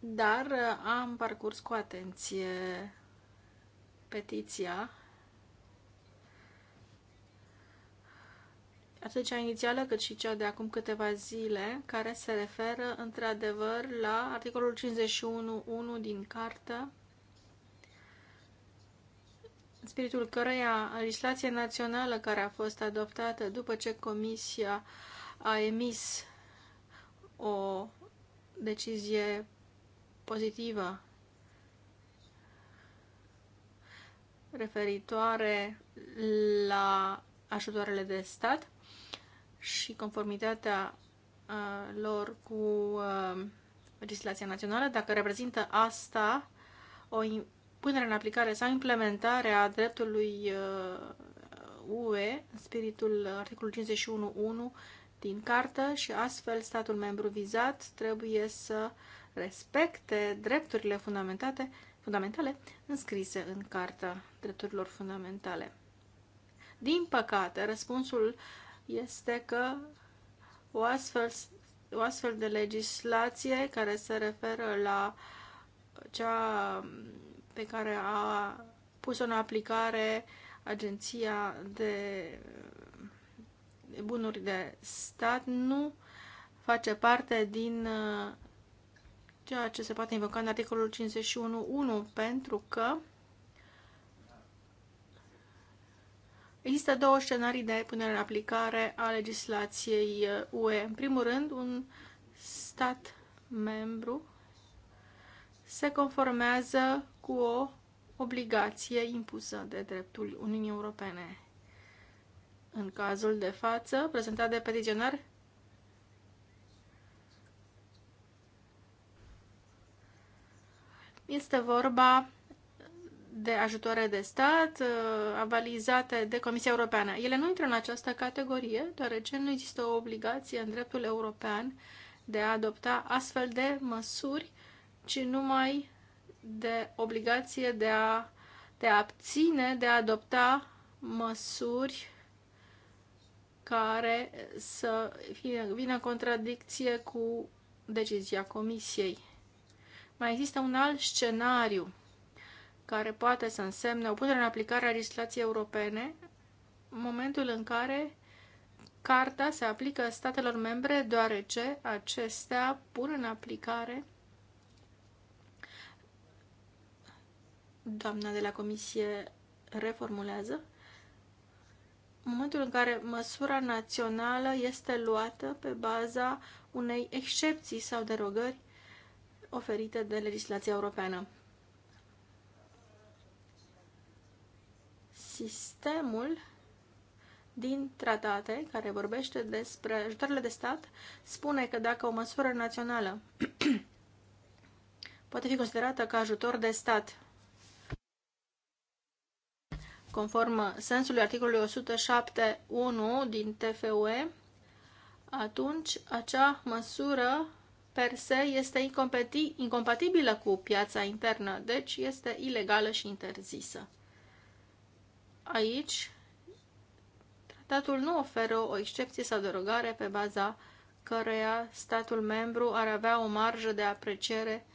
Dar uh, am parcurs cu atenție petiția atât cea inițială cât și cea de acum câteva zile, care se referă într-adevăr la articolul 51.1 din cartă, în spiritul căreia legislația națională care a fost adoptată după ce Comisia a emis o decizie pozitivă referitoare la ajutoarele de stat și conformitatea uh, lor cu uh, legislația națională, dacă reprezintă asta o punere în aplicare sau implementare a dreptului UE uh, în spiritul articolului 51.1 din cartă și astfel statul membru vizat trebuie să uh, respecte drepturile fundamentate, fundamentale înscrise în Carta Drepturilor Fundamentale. Din păcate, răspunsul este că o astfel, o astfel de legislație care se referă la cea pe care a pus-o în aplicare Agenția de Bunuri de Stat nu face parte din ceea ce se poate invoca în articolul 51.1, pentru că există două scenarii de punere în aplicare a legislației UE. Uh, în primul rând, un stat membru se conformează cu o obligație impusă de dreptul Uniunii Europene. În cazul de față, prezentat de petiționar, Este vorba de ajutoare de stat uh, avalizate de Comisia Europeană. Ele nu intră în această categorie, deoarece nu există o obligație în dreptul european de a adopta astfel de măsuri, ci numai de obligație de a a abține de a adopta măsuri care să fie, vină în contradicție cu decizia Comisiei. Mai există un alt scenariu care poate să însemne o putere în aplicare a legislației europene în momentul în care carta se aplică statelor membre deoarece acestea pun în aplicare doamna de la comisie reformulează în momentul în care măsura națională este luată pe baza unei excepții sau derogări oferite de legislația europeană. Sistemul din tratate care vorbește despre ajutoarele de stat spune că dacă o măsură națională poate fi considerată ca ajutor de stat conform sensului articolului 107.1 din TFUE, atunci acea măsură per se este incompatibilă cu piața internă, deci este ilegală și interzisă. Aici, tratatul nu oferă o excepție sau derogare pe baza căreia statul membru ar avea o marjă de apreciere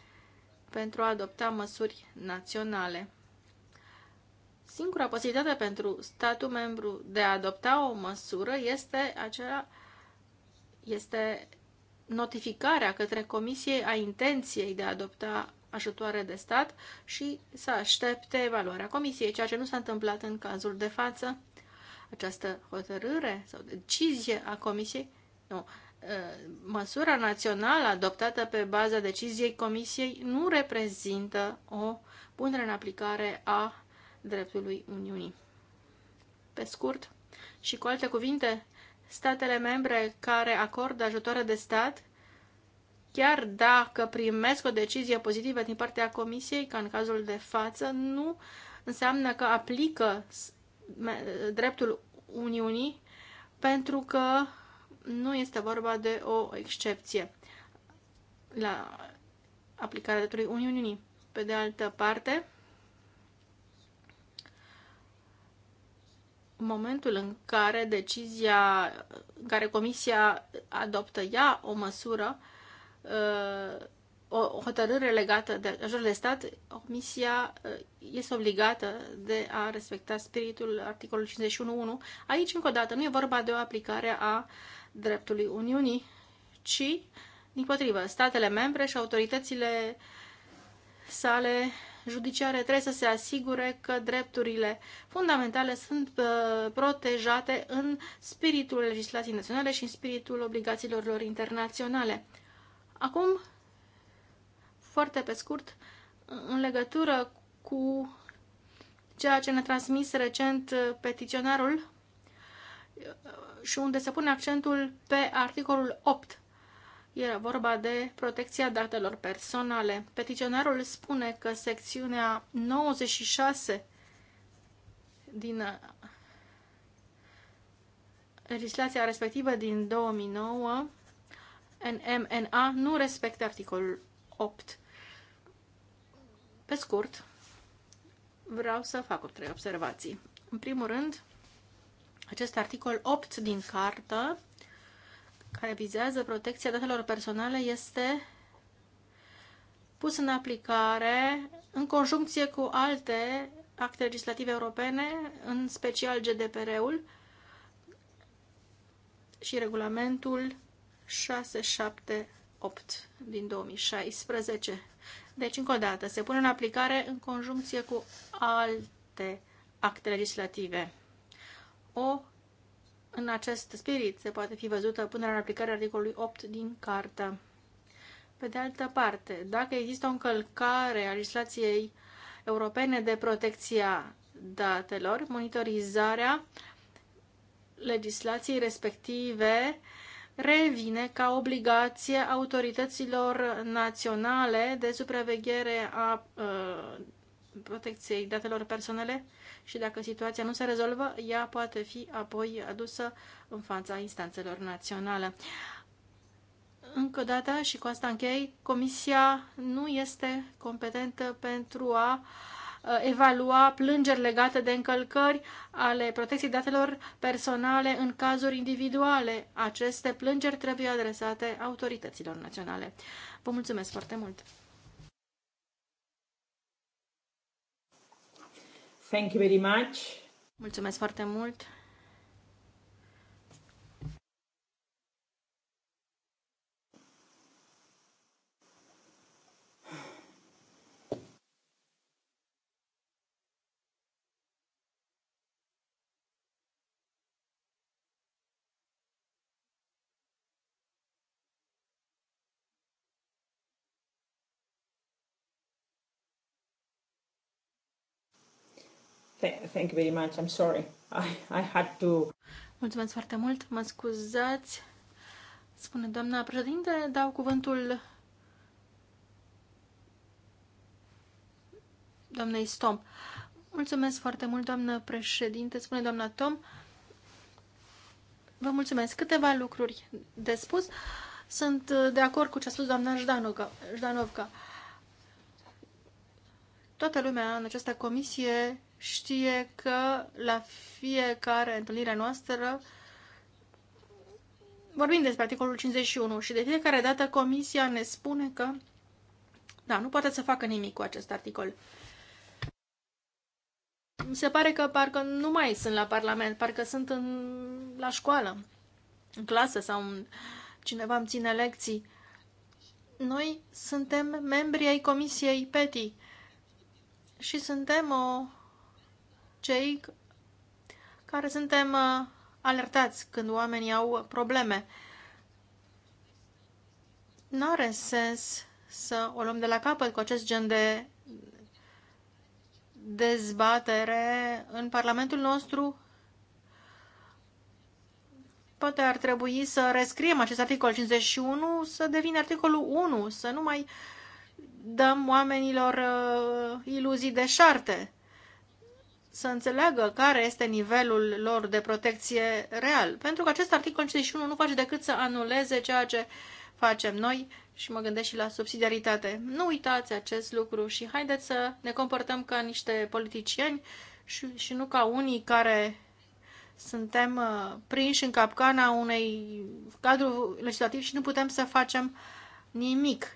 pentru a adopta măsuri naționale. Singura posibilitate pentru statul membru de a adopta o măsură este aceea este notificarea către Comisie a intenției de a adopta ajutoare de stat și să aștepte evaluarea Comisiei, ceea ce nu s-a întâmplat în cazul de față. Această hotărâre sau decizie a Comisiei, nu, ă, măsura națională adoptată pe baza deciziei Comisiei nu reprezintă o punere în aplicare a dreptului Uniunii. Pe scurt și cu alte cuvinte, statele membre care acordă ajutoare de stat, chiar dacă primesc o decizie pozitivă din partea Comisiei, ca în cazul de față, nu înseamnă că aplică dreptul Uniunii, pentru că nu este vorba de o excepție la aplicarea dreptului Uniunii. Pe de altă parte, momentul în care decizia, în care comisia adoptă ea o măsură, uh, o hotărâre legată de ajutorul de stat, comisia uh, este obligată de a respecta spiritul articolului 51.1. Aici, încă o dată, nu e vorba de o aplicare a dreptului Uniunii, ci, din potrivă, statele membre și autoritățile sale judiciare trebuie să se asigure că drepturile fundamentale sunt uh, protejate în spiritul legislației naționale și în spiritul obligațiilor lor internaționale. Acum, foarte pe scurt, în legătură cu ceea ce ne-a transmis recent uh, petiționarul uh, și unde se pune accentul pe articolul 8 era vorba de protecția datelor personale. Peticionarul spune că secțiunea 96 din uh, legislația respectivă din 2009, NMNA, nu respectă articolul 8. Pe scurt, vreau să fac o trei observații. În primul rând, acest articol 8 din cartă care vizează protecția datelor personale este pus în aplicare în conjuncție cu alte acte legislative europene, în special GDPR-ul și regulamentul 678 din 2016. Deci, încă o dată, se pune în aplicare în conjuncție cu alte acte legislative. O în acest spirit se poate fi văzută până în aplicare articolului 8 din Cartă. Pe de altă parte, dacă există o încălcare a legislației europene de protecția datelor, monitorizarea legislației respective revine ca obligație autorităților naționale de supraveghere a uh, protecției datelor personale și dacă situația nu se rezolvă, ea poate fi apoi adusă în fața instanțelor naționale. Încă o dată, și cu asta închei, Comisia nu este competentă pentru a evalua plângeri legate de încălcări ale protecției datelor personale în cazuri individuale. Aceste plângeri trebuie adresate autorităților naționale. Vă mulțumesc foarte mult! Thank you very much. Mulțumesc foarte mult. Thank you very much. I'm sorry. I, I had to... Mulțumesc foarte mult. Mă scuzați. Spune doamna președinte, dau cuvântul doamnei Stomp. Mulțumesc foarte mult, doamnă președinte, spune doamna Tom. Vă mulțumesc. Câteva lucruri de spus. Sunt de acord cu ce a spus doamna Jdanovka. Toată lumea în această comisie știe că la fiecare întâlnire noastră vorbim despre articolul 51 și de fiecare dată comisia ne spune că da, nu poate să facă nimic cu acest articol. Mi se pare că parcă nu mai sunt la Parlament, parcă sunt în, la școală, în clasă sau în, cineva îmi ține lecții. Noi suntem membri ai Comisiei PETI și suntem o cei care suntem uh, alertați când oamenii au probleme. Nu are sens să o luăm de la capăt cu acest gen de dezbatere în Parlamentul nostru. Poate ar trebui să rescriem acest articol 51, să devină articolul 1, să nu mai dăm oamenilor uh, iluzii șarte să înțeleagă care este nivelul lor de protecție real. Pentru că acest articol 51 nu face decât să anuleze ceea ce facem noi și mă gândesc și la subsidiaritate. Nu uitați acest lucru și haideți să ne comportăm ca niște politicieni și, și nu ca unii care suntem uh, prinși în capcana unei cadru legislativ și nu putem să facem nimic.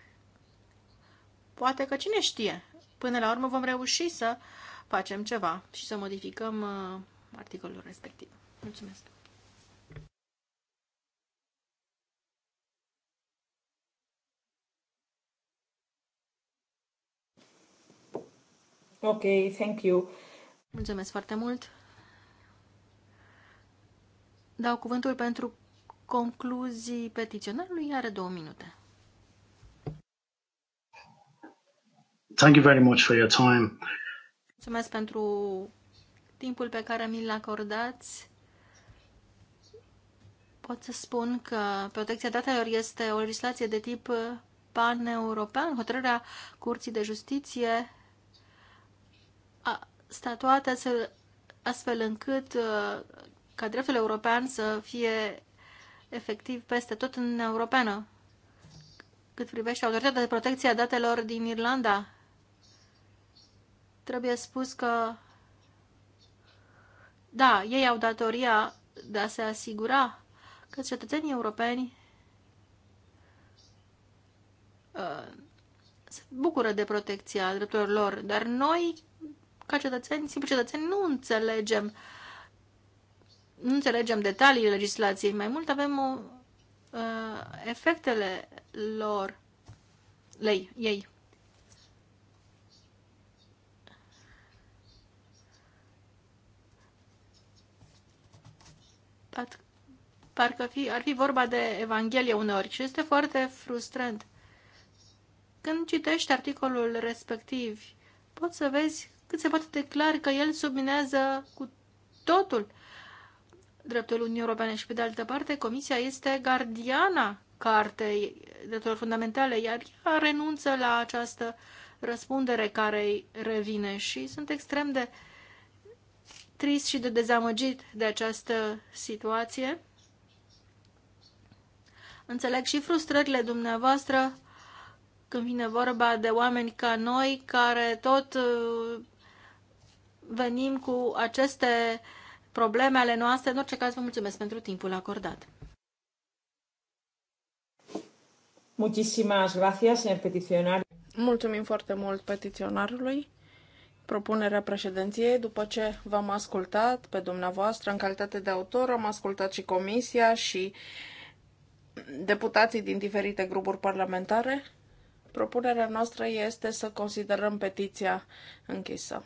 Poate că cine știe, până la urmă vom reuși să uh, facem ceva și să modificăm uh, articolul respectiv. Mulțumesc! Ok, thank you. Mulțumesc foarte mult. Dau cuvântul pentru concluzii petiționarului, are două minute. Thank you very much for your time. Mulțumesc pentru timpul pe care mi-l acordați. Pot să spun că protecția datelor este o legislație de tip pan-european. Hotărârea Curții de Justiție a statuată astfel încât uh, ca dreptul european să fie efectiv peste tot în Europeană. Cât privește autoritatea de protecție a datelor din Irlanda, Trebuie spus că, da, ei au datoria de a se asigura că cetățenii europeni uh, se bucură de protecția drepturilor lor, dar noi, ca cetățeni, simpli cetățeni, nu înțelegem nu înțelegem detaliile legislației, mai mult avem o, uh, efectele lor, lei, ei. at, parcă fi, ar fi vorba de Evanghelie uneori și este foarte frustrant. Când citești articolul respectiv, poți să vezi cât se poate de clar că el subminează cu totul dreptul Uniunii Europene și, pe de altă parte, Comisia este gardiana cartei drepturilor fundamentale, iar ea renunță la această răspundere care îi revine și sunt extrem de uh, trist și de dezamăgit de această situație. Înțeleg și frustrările dumneavoastră când vine vorba de oameni ca noi care tot uh, venim cu aceste probleme ale noastre. În orice caz, vă mulțumesc pentru timpul acordat. Muchísimas gracias, señor peticionar. Mulțumim foarte mult petiționarului propunerea președinției. După ce v-am ascultat pe dumneavoastră în calitate de autor, am ascultat și comisia și deputații din diferite grupuri parlamentare, propunerea noastră este să considerăm petiția închisă.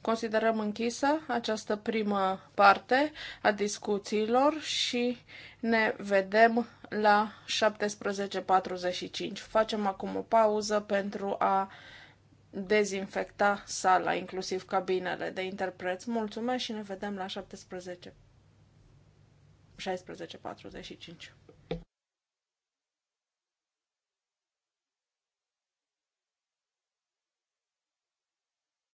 Considerăm închisă această primă parte a discuțiilor și ne vedem la 17.45. Facem acum o pauză pentru a dezinfecta sala, inclusiv cabinele de interpreți. Mulțumesc și ne vedem la 17.45. 16.45.